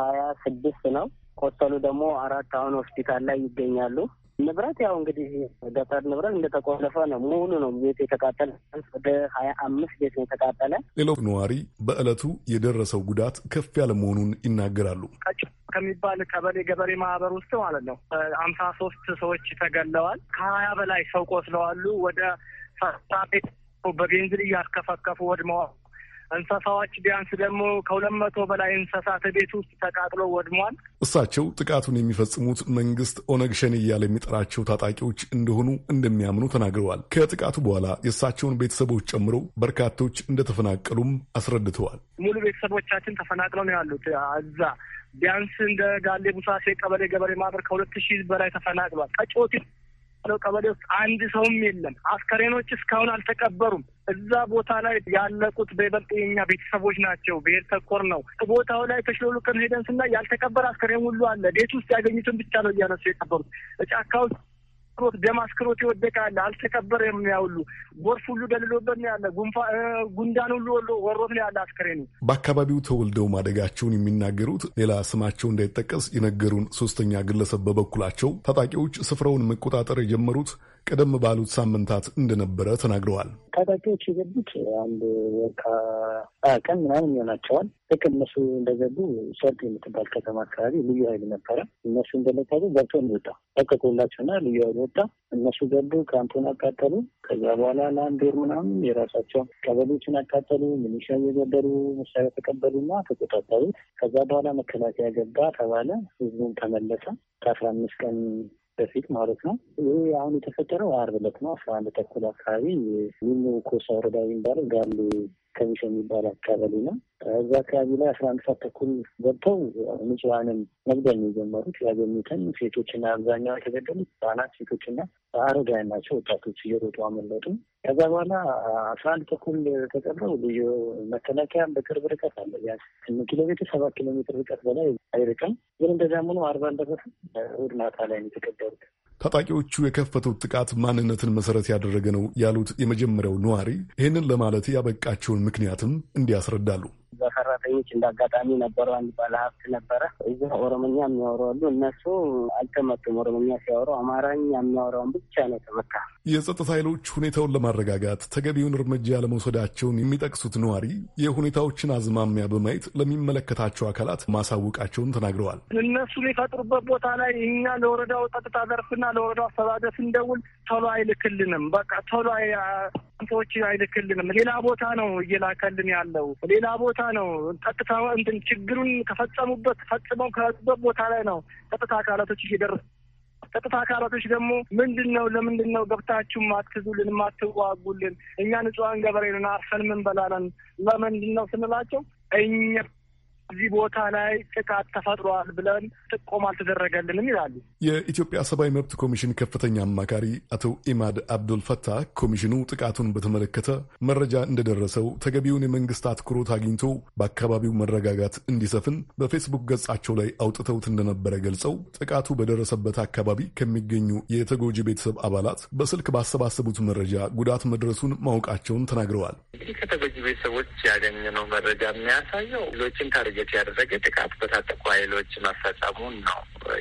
ሀያ ስድስት ነው። ቆሰሉ ደግሞ አራት አሁን ሆስፒታል ላይ ይገኛሉ። ንብረት ያው እንግዲህ ገጠር ንብረት እንደተቆለፈ ነው። ሙሉ ነው ቤት የተቃጠለ። ወደ ሀያ አምስት ቤት ነው የተቃጠለ። ሌላው ነዋሪ በእለቱ የደረሰው ጉዳት ከፍ ያለ መሆኑን ይናገራሉ። ቀጭ ከሚባል ቀበሌ ገበሬ ማህበር ውስጥ ማለት ነው አምሳ ሶስት ሰዎች ተገለዋል። ከሀያ በላይ ሰው ቆስለዋሉ። ወደ ቤት በቤንዝል እያስከፈከፉ ወድመዋል። እንስሳዎች ቢያንስ ደግሞ ከሁለት መቶ በላይ እንስሳት ቤት ውስጥ ተቃጥሎ ወድሟል። እሳቸው ጥቃቱን የሚፈጽሙት መንግስት ኦነግ ሸኔ እያለ የሚጠራቸው ታጣቂዎች እንደሆኑ እንደሚያምኑ ተናግረዋል። ከጥቃቱ በኋላ የእሳቸውን ቤተሰቦች ጨምሮ በርካቶች እንደተፈናቀሉም አስረድተዋል። ሙሉ ቤተሰቦቻችን ተፈናቅለው ነው ያሉት እዛ ቢያንስ እንደ ጋሌ ቡሳሴ ቀበሌ ገበሬ ማህበር ከሁለት ሺህ በላይ ተፈናቅሏል። ቀጮቲ ነው። ቀበሌ ውስጥ አንድ ሰውም የለም። አስከሬኖች እስካሁን አልተቀበሩም። እዛ ቦታ ላይ ያለቁት በይበልጥ የኛ ቤተሰቦች ናቸው። ብሔር ተኮር ነው። ቦታው ላይ ተሽሎሉ ቀን ሄደን ስናይ ያልተቀበረ አስከሬን ሁሉ አለ። ቤት ውስጥ ያገኙትን ብቻ ነው እያነሱ የቀበሩት። ጫካ ውስጥ ክሮት ደማስክሮት ይወደቃል። አልተቀበረም ነው ያውሉ ጎርፍ ሁሉ ደልሎበት ነው ያለ ጉንፋ ጉንዳን ሁሉ ወሎ ወሮት ነው ያለ አስክሬኑ። በአካባቢው ተወልደው ማደጋቸውን የሚናገሩት ሌላ ስማቸው እንዳይጠቀስ የነገሩን ሶስተኛ ግለሰብ በበኩላቸው ታጣቂዎች ስፍራውን መቆጣጠር የጀመሩት ቀደም ባሉት ሳምንታት እንደነበረ ተናግረዋል። ታጣቂዎች የገቡት አንድ ወር ቀን ምናምን ይሆናቸዋል። ልክ እነሱ እንደገቡ ሰርድ የምትባል ከተማ አካባቢ ልዩ ኃይል ነበረ። እነሱ እንደለቀቁ ገብቶ እንወጣ ለቀቁላቸውና ልዩ ኃይል ወጣ። እነሱ ገቡ፣ ካምፑን አቃጠሉ። ከዛ በኋላ ለአንድ ወር ምናምን የራሳቸው ቀበሌዎችን አቃጠሉ፣ ምኒሻ እየገደሉ መሳሪያ ተቀበሉና ተቆጣጠሩ። ከዛ በኋላ መከላከያ ገባ ተባለ፣ ህዝቡን ተመለሰ። ከአስራ አምስት ቀን በፊት ማለት ነው። ይህ አሁን የተፈጠረው አርብ ዕለት ነው። አስራ አንድ ተኩል አካባቢ ይሙ ኮሳ ወረዳ የሚባለው ጋሉ ከሚሽ የሚባል አካባቢ ነው። እዛ አካባቢ ላይ አስራ አንድ ሰዓት ተኩል ገብተው ንጹሐንን መግደል ነው የጀመሩት። ያገኙትን ሴቶችና አብዛኛው የተገደሉት ህጻናት፣ ሴቶችና አረጋውያን ናቸው። ወጣቶች እየሮጡ አመለጡ። ከዛ በኋላ አስራ አንድ ተኩል ተቀረው ልዩ መከላከያ በቅርብ ርቀት አለ። ስምንት ኪሎ ሜትር ሰባት ኪሎ ሜትር ርቀት በላይ አይርቅም። ግን እንደዚያም ሆኖ አርባ አልደረሰም። እሑድ ማታ ላይ ነው የተገደሉት። ታጣቂዎቹ የከፈቱት ጥቃት ማንነትን መሰረት ያደረገ ነው ያሉት የመጀመሪያው ነዋሪ ይህንን ለማለት ያበቃቸውን ምክንያትም እንዲያስረዳሉ በሰራተኞች እንዳጋጣሚ ነበሩ። አንድ ባለሀብት ነበረ። እዚ ኦሮምኛ አሉ እነሱ አልተመቱም። ኦሮምኛ ሲያወሩ አማርኛ የሚያወራውን ብቻ ነው የተመታ። የጸጥታ ኃይሎች ሁኔታውን ለማረጋጋት ተገቢውን እርምጃ ለመውሰዳቸውን የሚጠቅሱት ነዋሪ የሁኔታዎችን አዝማሚያ በማየት ለሚመለከታቸው አካላት ማሳወቃቸውን ተናግረዋል። እነሱን የፈጥሩበት ቦታ ላይ እኛ ለወረዳው ጸጥታ ዘርፍና ለወረዳው አስተዳደር ስንደውል ቶሎ አይልክልንም። በቃ ቶሎ ሰዎች አይልክልንም። ሌላ ቦታ ነው እየላከልን ያለው ሌላ ቦታ ነው። ቀጥታ እንትን ችግሩን ከፈጸሙበት ፈጽመው ከበት ቦታ ላይ ነው ቀጥታ አካላቶች እየደረሱ ጸጥታ አካላቶች ደግሞ ምንድን ነው ለምንድን ነው ገብታችሁ ማትዙልን ማትዋጉልን? እኛ ንጹሐን ገበሬ ነን፣ አርፈን ምን በላለን? ለምንድን ነው ስንላቸው እኛ እዚህ ቦታ ላይ ጥቃት ተፈጥሯል ብለን ጥቆም አልተደረገልንም ይላሉ። የኢትዮጵያ ሰብአዊ መብት ኮሚሽን ከፍተኛ አማካሪ አቶ ኢማድ አብዱል ፈታህ ኮሚሽኑ ጥቃቱን በተመለከተ መረጃ እንደደረሰው ተገቢውን የመንግስት አትኩሮት አግኝቶ በአካባቢው መረጋጋት እንዲሰፍን በፌስቡክ ገጻቸው ላይ አውጥተውት እንደነበረ ገልጸው ጥቃቱ በደረሰበት አካባቢ ከሚገኙ የተጎጂ ቤተሰብ አባላት በስልክ ባሰባሰቡት መረጃ ጉዳት መድረሱን ማወቃቸውን ተናግረዋል። እንግዲህ ከተጎጂ ቤተሰቦች ያገኘነው መረጃ የሚያሳየው ሌሎችን ታርጌት ያደረገ ጥቃት በታጠቁ ኃይሎች መፈጸሙን ነው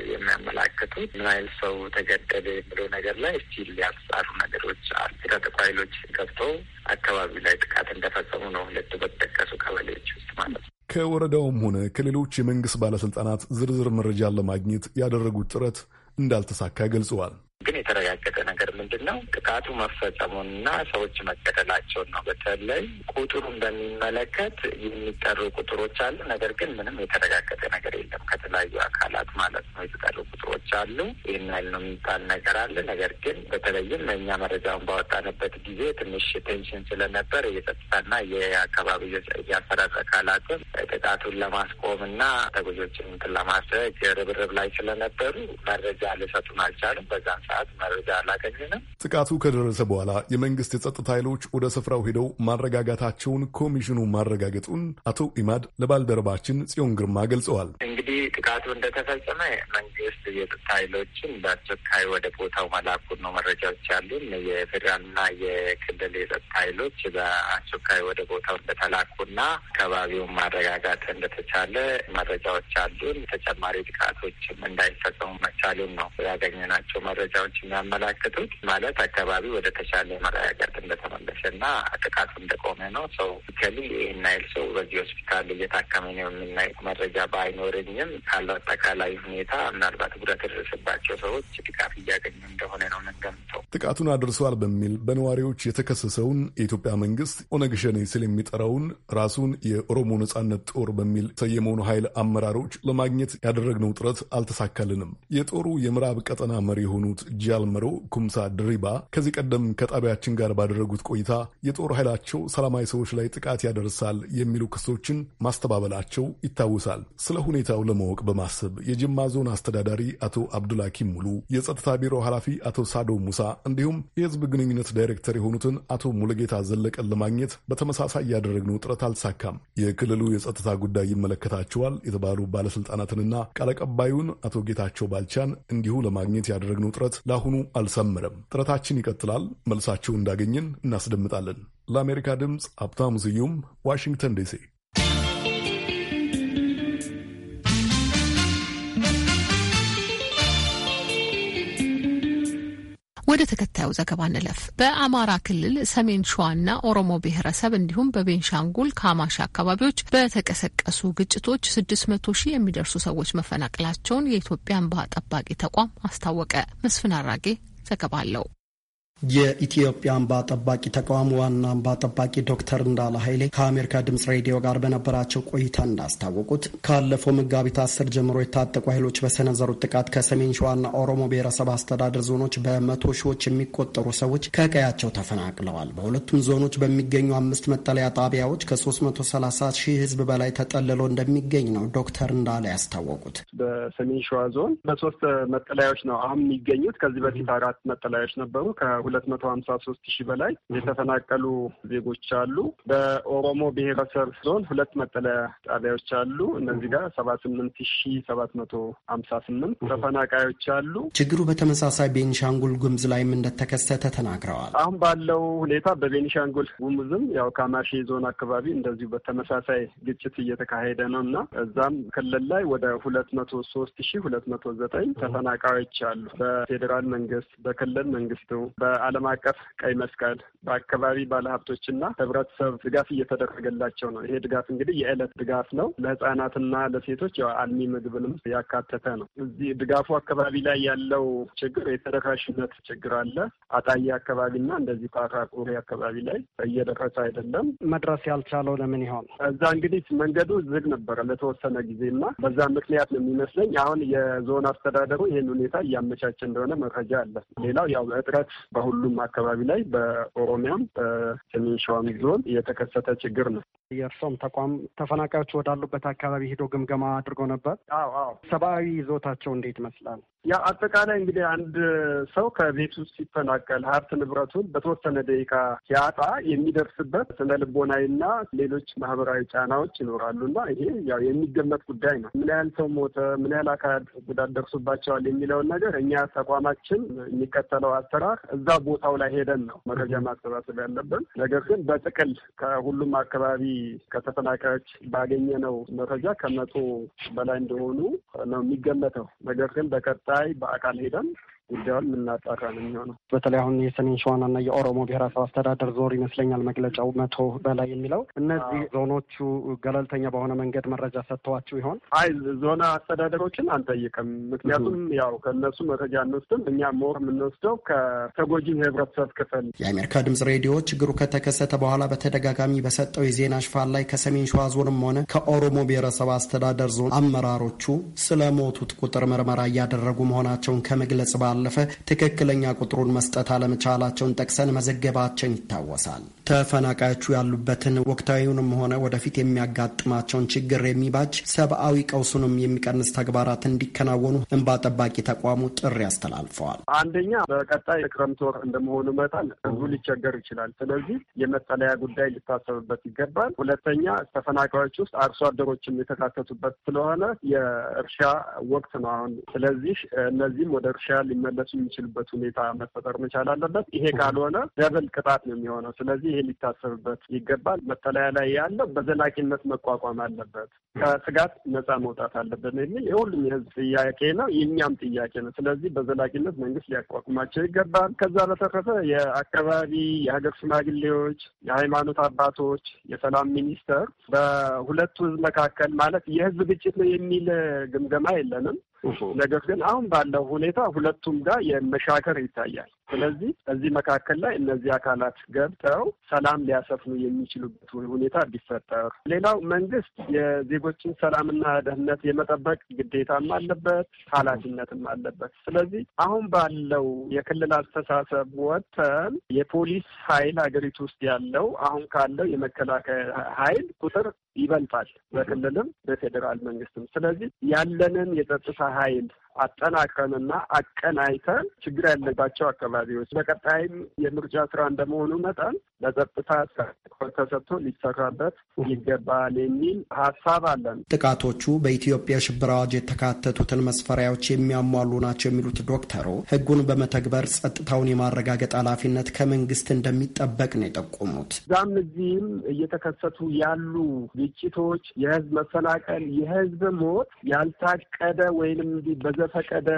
የሚያመላክቱት። ምን ያህል ሰው ተገደለ የሚለው ነገር ላይ ስቲል ያልጻሩ ነገሮች አሉ። የታጠቁ ኃይሎች ገብተው አካባቢ ላይ ጥቃት እንደፈጸሙ ነው ሁለቱ በተጠቀሱ ቀበሌዎች ውስጥ ማለት ነው። ከወረዳውም ሆነ ከሌሎች የመንግስት ባለስልጣናት ዝርዝር መረጃ ለማግኘት ያደረጉት ጥረት እንዳልተሳካ ገልጸዋል። ግን የተረጋገጠ ነገር ምንድን ነው ጥቃቱ መፈጸሙንና ሰዎች መገደላቸውን ነው። በተለይ ቁጥሩን በሚመለከት የሚጠሩ ቁጥሮች አሉ። ነገር ግን ምንም የተረጋገጠ ነገር የለም። ከተለያዩ አካላት ማለት ነው የተጠሩ ቁጥሮች አሉ። ይህን ያህል ነው የሚባል ነገር አለ። ነገር ግን በተለይም እኛ መረጃውን ባወጣንበት ጊዜ ትንሽ ቴንሽን ስለነበር የጸጥታና የአካባቢ የአሰራር አካላትም ጥቃቱን ለማስቆምና ተጎጆችን ለማድረግ ርብርብ ላይ ስለነበሩ መረጃ ልሰጡን አልቻሉም በዛ ሰዓት መረጃ አላገኘንም። ጥቃቱ ከደረሰ በኋላ የመንግስት የጸጥታ ኃይሎች ወደ ስፍራው ሄደው ማረጋጋታቸውን ኮሚሽኑ ማረጋገጡን አቶ ኢማድ ለባልደረባችን ጽዮን ግርማ ገልጸዋል። እንግዲህ ጥቃቱ እንደተፈጸመ መንግስት የጸጥታ ኃይሎችን በአስቸኳይ ወደ ቦታው መላኩን ነው መረጃዎች ያሉን። የፌዴራልና የክልል የጸጥታ ኃይሎች በአስቸኳይ ወደ ቦታው እንደተላኩና አካባቢውን ማረጋጋት እንደተቻለ መረጃዎች አሉን። ተጨማሪ ጥቃቶችም እንዳይፈጸሙ መቻሉን ነው ያገኘናቸው መረጃዎች የሚያመላክቱት። ማለት አካባቢ ወደ ተቻለ መረጋጋት እንደተመለሰና ጥቃቱ እንደቆመ ነው። ሰው ከሊ ይህን ያህል ሰው በዚህ ሆስፒታል እየታከመ ነው የምናይ መረጃ ባይኖረኝም ባለው አጠቃላይ ሁኔታ ምናልባት ጉዳት የደረሰባቸው ሰዎች ድጋፍ እያገኙ እንደሆነ ነው የምንገምተው። ጥቃቱን አድርሷል በሚል በነዋሪዎች የተከሰሰውን የኢትዮጵያ መንግስት ኦነግ ሸኔ የሚጠራውን ራሱን የኦሮሞ ነጻነት ጦር በሚል ሰየመውን ኃይል አመራሮች ለማግኘት ያደረግነው ጥረት አልተሳካልንም። የጦሩ የምዕራብ ቀጠና መሪ የሆኑት ጃልመሮ ኩምሳ ድሪባ ከዚህ ቀደም ከጣቢያችን ጋር ባደረጉት ቆይታ የጦር ኃይላቸው ሰላማዊ ሰዎች ላይ ጥቃት ያደርሳል የሚሉ ክሶችን ማስተባበላቸው ይታወሳል። ስለ ሁኔታው ለማወቅ በማሰብ የጅማ ዞን አስተዳዳሪ አቶ አብዱልሐኪም ሙሉ፣ የጸጥታ ቢሮ ኃላፊ አቶ ሳዶ ሙሳ እንዲሁም የህዝብ ግንኙነት ዳይሬክተር የሆኑትን አቶ ሙሉጌታ ዘለቀን ለማግኘት በተመሳሳይ ያደረግነው ጥረት አልተሳካም። የክልሉ የጸጥታ ጉዳይ ይመለከታቸዋል የተባሉ ባለስልጣናትንና ቃል አቀባዩን አቶ ጌታቸው ባልቻን እንዲሁ ለማግኘት ያደረግነው ጥረት ለአሁኑ አልሰመረም። ጥረታችን ይቀጥላል። መልሳቸው እንዳገኘን እናስደምጣለን። ለአሜሪካ ድምፅ ሀብታሙ ስዩም ዋሽንግተን ዲሲ ወደ ተከታዩ ዘገባ እንለፍ። በአማራ ክልል ሰሜን ሸዋና ኦሮሞ ብሔረሰብ እንዲሁም በቤንሻንጉል ካማሺ አካባቢዎች በተቀሰቀሱ ግጭቶች ስድስት መቶ ሺህ የሚደርሱ ሰዎች መፈናቀላቸውን የኢትዮጵያ እንባ ጠባቂ ተቋም አስታወቀ። መስፍን አራጌ ዘገባ አለው። የኢትዮጵያ አምባ ጠባቂ ተቋም ዋና አምባ ጠባቂ ዶክተር እንዳለ ኃይሌ ከአሜሪካ ድምጽ ሬዲዮ ጋር በነበራቸው ቆይታ እንዳስታወቁት ካለፈው መጋቢት አስር ጀምሮ የታጠቁ ኃይሎች በሰነዘሩት ጥቃት ከሰሜን ሸዋና ኦሮሞ ብሔረሰብ አስተዳደር ዞኖች በመቶ ሺዎች የሚቆጠሩ ሰዎች ከቀያቸው ተፈናቅለዋል። በሁለቱም ዞኖች በሚገኙ አምስት መጠለያ ጣቢያዎች ከ330 ሺህ ህዝብ በላይ ተጠልሎ እንደሚገኝ ነው ዶክተር እንዳለ ያስታወቁት። በሰሜን ሸዋ ዞን በሶስት መጠለያዎች ነው አሁን የሚገኙት። ከዚህ በፊት አራት መጠለያዎች ነበሩ። ሁለት መቶ ሀምሳ ሶስት ሺህ በላይ የተፈናቀሉ ዜጎች አሉ። በኦሮሞ ብሔረሰብ ዞን ሁለት መጠለያ ጣቢያዎች አሉ። እነዚህ ጋር ሰባ ስምንት ሺህ ሰባት መቶ ሀምሳ ስምንት ተፈናቃዮች አሉ። ችግሩ በተመሳሳይ ቤኒሻንጉል ጉምዝ ላይም እንደተከሰተ ተናግረዋል። አሁን ባለው ሁኔታ በቤኒሻንጉል ጉምዝም ያው ካማሼ ዞን አካባቢ እንደዚሁ በተመሳሳይ ግጭት እየተካሄደ ነው እና እዛም ክልል ላይ ወደ ሁለት መቶ ሶስት ሺህ ሁለት መቶ ዘጠኝ ተፈናቃዮች አሉ። በፌዴራል መንግስት፣ በክልል መንግስቱ፣ በ በዓለም አቀፍ ቀይ መስቀል በአካባቢ ባለሀብቶችና ህብረተሰብ ድጋፍ እየተደረገላቸው ነው። ይሄ ድጋፍ እንግዲህ የዕለት ድጋፍ ነው። ለህጻናትና ለሴቶች አልሚ ምግብንም ያካተተ ነው። እዚህ ድጋፉ አካባቢ ላይ ያለው ችግር የተደራሽነት ችግር አለ። አጣዬ አካባቢና እንደዚህ ቋራ ቁሪ አካባቢ ላይ እየደረሰ አይደለም። መድረስ ያልቻለው ለምን ይሆን? እዛ እንግዲህ መንገዱ ዝግ ነበረ ለተወሰነ ጊዜና በዛ ምክንያት ነው የሚመስለኝ። አሁን የዞን አስተዳደሩ ይህን ሁኔታ እያመቻቸ እንደሆነ መረጃ አለ። ሌላው ያው እጥረት በሁሉም አካባቢ ላይ በኦሮሚያም በሰሜን ሸዋም ዞን የተከሰተ ችግር ነው። የእርሶም ተቋም ተፈናቃዮች ወዳሉበት አካባቢ ሄዶ ግምገማ አድርጎ ነበር። አዎ አዎ። ሰብአዊ ይዞታቸው እንዴት ይመስላል? ያ አጠቃላይ እንግዲህ አንድ ሰው ከቤቱ ሲፈናቀል ሀብት ንብረቱን በተወሰነ ደቂቃ ሲያጣ የሚደርስበት ስነ ልቦናዊና ሌሎች ማህበራዊ ጫናዎች ይኖራሉ እና ይሄ ያው የሚገመት ጉዳይ ነው። ምን ያህል ሰው ሞተ፣ ምን ያህል አካል ጉዳት ደርሶባቸዋል የሚለውን ነገር እኛ ተቋማችን የሚከተለው አሰራር እዛ ቦታው ላይ ሄደን ነው መረጃ ማሰባሰብ ያለብን። ነገር ግን በጥቅል ከሁሉም አካባቢ ከተፈናቃዮች ባገኘነው መረጃ ከመቶ በላይ እንደሆኑ ነው የሚገመተው። ነገር ግን በቀጣይ በአካል ሄደን ጉዳዩን የምናጣራ ነው የሚሆነው። በተለይ አሁን የሰሜን ሸዋናና የኦሮሞ ብሔረሰብ አስተዳደር ዞር ይመስለኛል መግለጫው መቶ በላይ የሚለው እነዚህ ዞኖቹ ገለልተኛ በሆነ መንገድ መረጃ ሰጥተዋችሁ ይሆን? አይ ዞና አስተዳደሮችን አንጠይቅም። ምክንያቱም ያው ከእነሱ መረጃ አንወስድም። እኛ ሞር የምንወስደው ከተጎጂ የህብረተሰብ ክፍል። የአሜሪካ ድምጽ ሬዲዮ ችግሩ ከተከሰተ በኋላ በተደጋጋሚ በሰጠው የዜና ሽፋን ላይ ከሰሜን ሸዋ ዞንም ሆነ ከኦሮሞ ብሔረሰብ አስተዳደር ዞን አመራሮቹ ስለሞቱት ቁጥር ምርመራ እያደረጉ መሆናቸውን ከመግለጽ ባለ ባለፈ ትክክለኛ ቁጥሩን መስጠት አለመቻላቸውን ጠቅሰን መዘገባችን ይታወሳል። ተፈናቃዮቹ ያሉበትን ወቅታዊውንም ሆነ ወደፊት የሚያጋጥማቸውን ችግር የሚባጅ ሰብአዊ ቀውሱንም የሚቀንስ ተግባራት እንዲከናወኑ እንባ ጠባቂ ተቋሙ ጥሪ አስተላልፈዋል። አንደኛ በቀጣይ ክረምት ወር እንደመሆኑ መጠን ህዝቡ ሊቸገር ይችላል። ስለዚህ የመጠለያ ጉዳይ ሊታሰብበት ይገባል። ሁለተኛ ተፈናቃዮች ውስጥ አርሶ አደሮችም የተካተቱበት ስለሆነ የእርሻ ወቅት ነው አሁን። ስለዚህ እነዚህም ወደ እርሻ ሊመለሱ የሚችሉበት ሁኔታ መፈጠር መቻል አለበት። ይሄ ካልሆነ ደብል ቅጣት ነው የሚሆነው። ስለዚህ ይሄ ሊታሰብበት ይገባል። መጠለያ ላይ ያለው በዘላቂነት መቋቋም አለበት፣ ከስጋት ነጻ መውጣት አለበት ነው የሚል የሁሉም የህዝብ ጥያቄ ነው፣ የእኛም ጥያቄ ነው። ስለዚህ በዘላቂነት መንግስት ሊያቋቁማቸው ይገባል። ከዛ በተረፈ የአካባቢ የሀገር ሽማግሌዎች፣ የሃይማኖት አባቶች፣ የሰላም ሚኒስተር በሁለቱ ህዝብ መካከል ማለት የህዝብ ግጭት ነው የሚል ግምገማ የለንም። ነገር ግን አሁን ባለው ሁኔታ ሁለቱም ጋር የመሻከር ይታያል። ስለዚህ እዚህ መካከል ላይ እነዚህ አካላት ገብተው ሰላም ሊያሰፍኑ የሚችሉበት ሁኔታ ቢፈጠር፣ ሌላው መንግስት የዜጎችን ሰላምና ደህንነት የመጠበቅ ግዴታም አለበት ኃላፊነትም አለበት። ስለዚህ አሁን ባለው የክልል አስተሳሰብ ወጥተን የፖሊስ ኃይል ሀገሪቱ ውስጥ ያለው አሁን ካለው የመከላከያ ኃይል ቁጥር ይበልጣል፣ በክልልም በፌዴራል መንግስትም። ስለዚህ ያለንን የጸጥታ ኃይል አጠናክረንና አቀናይተን ችግር ያለባቸው አካባቢዎች በቀጣይም የምርጫ ስራ እንደመሆኑ መጠን ለጸጥታ ተሰጥቶ ሊሰራበት ይገባል የሚል ሀሳብ አለን። ጥቃቶቹ በኢትዮጵያ ሽብር አዋጅ የተካተቱትን መስፈሪያዎች የሚያሟሉ ናቸው የሚሉት ዶክተሩ ህጉን በመተግበር ጸጥታውን የማረጋገጥ ኃላፊነት ከመንግስት እንደሚጠበቅ ነው የጠቆሙት። እዛም እዚህም እየተከሰቱ ያሉ ግጭቶች፣ የህዝብ መፈናቀል፣ የህዝብ ሞት ያልታቀደ ወይንም በዘ በዘፈቀደ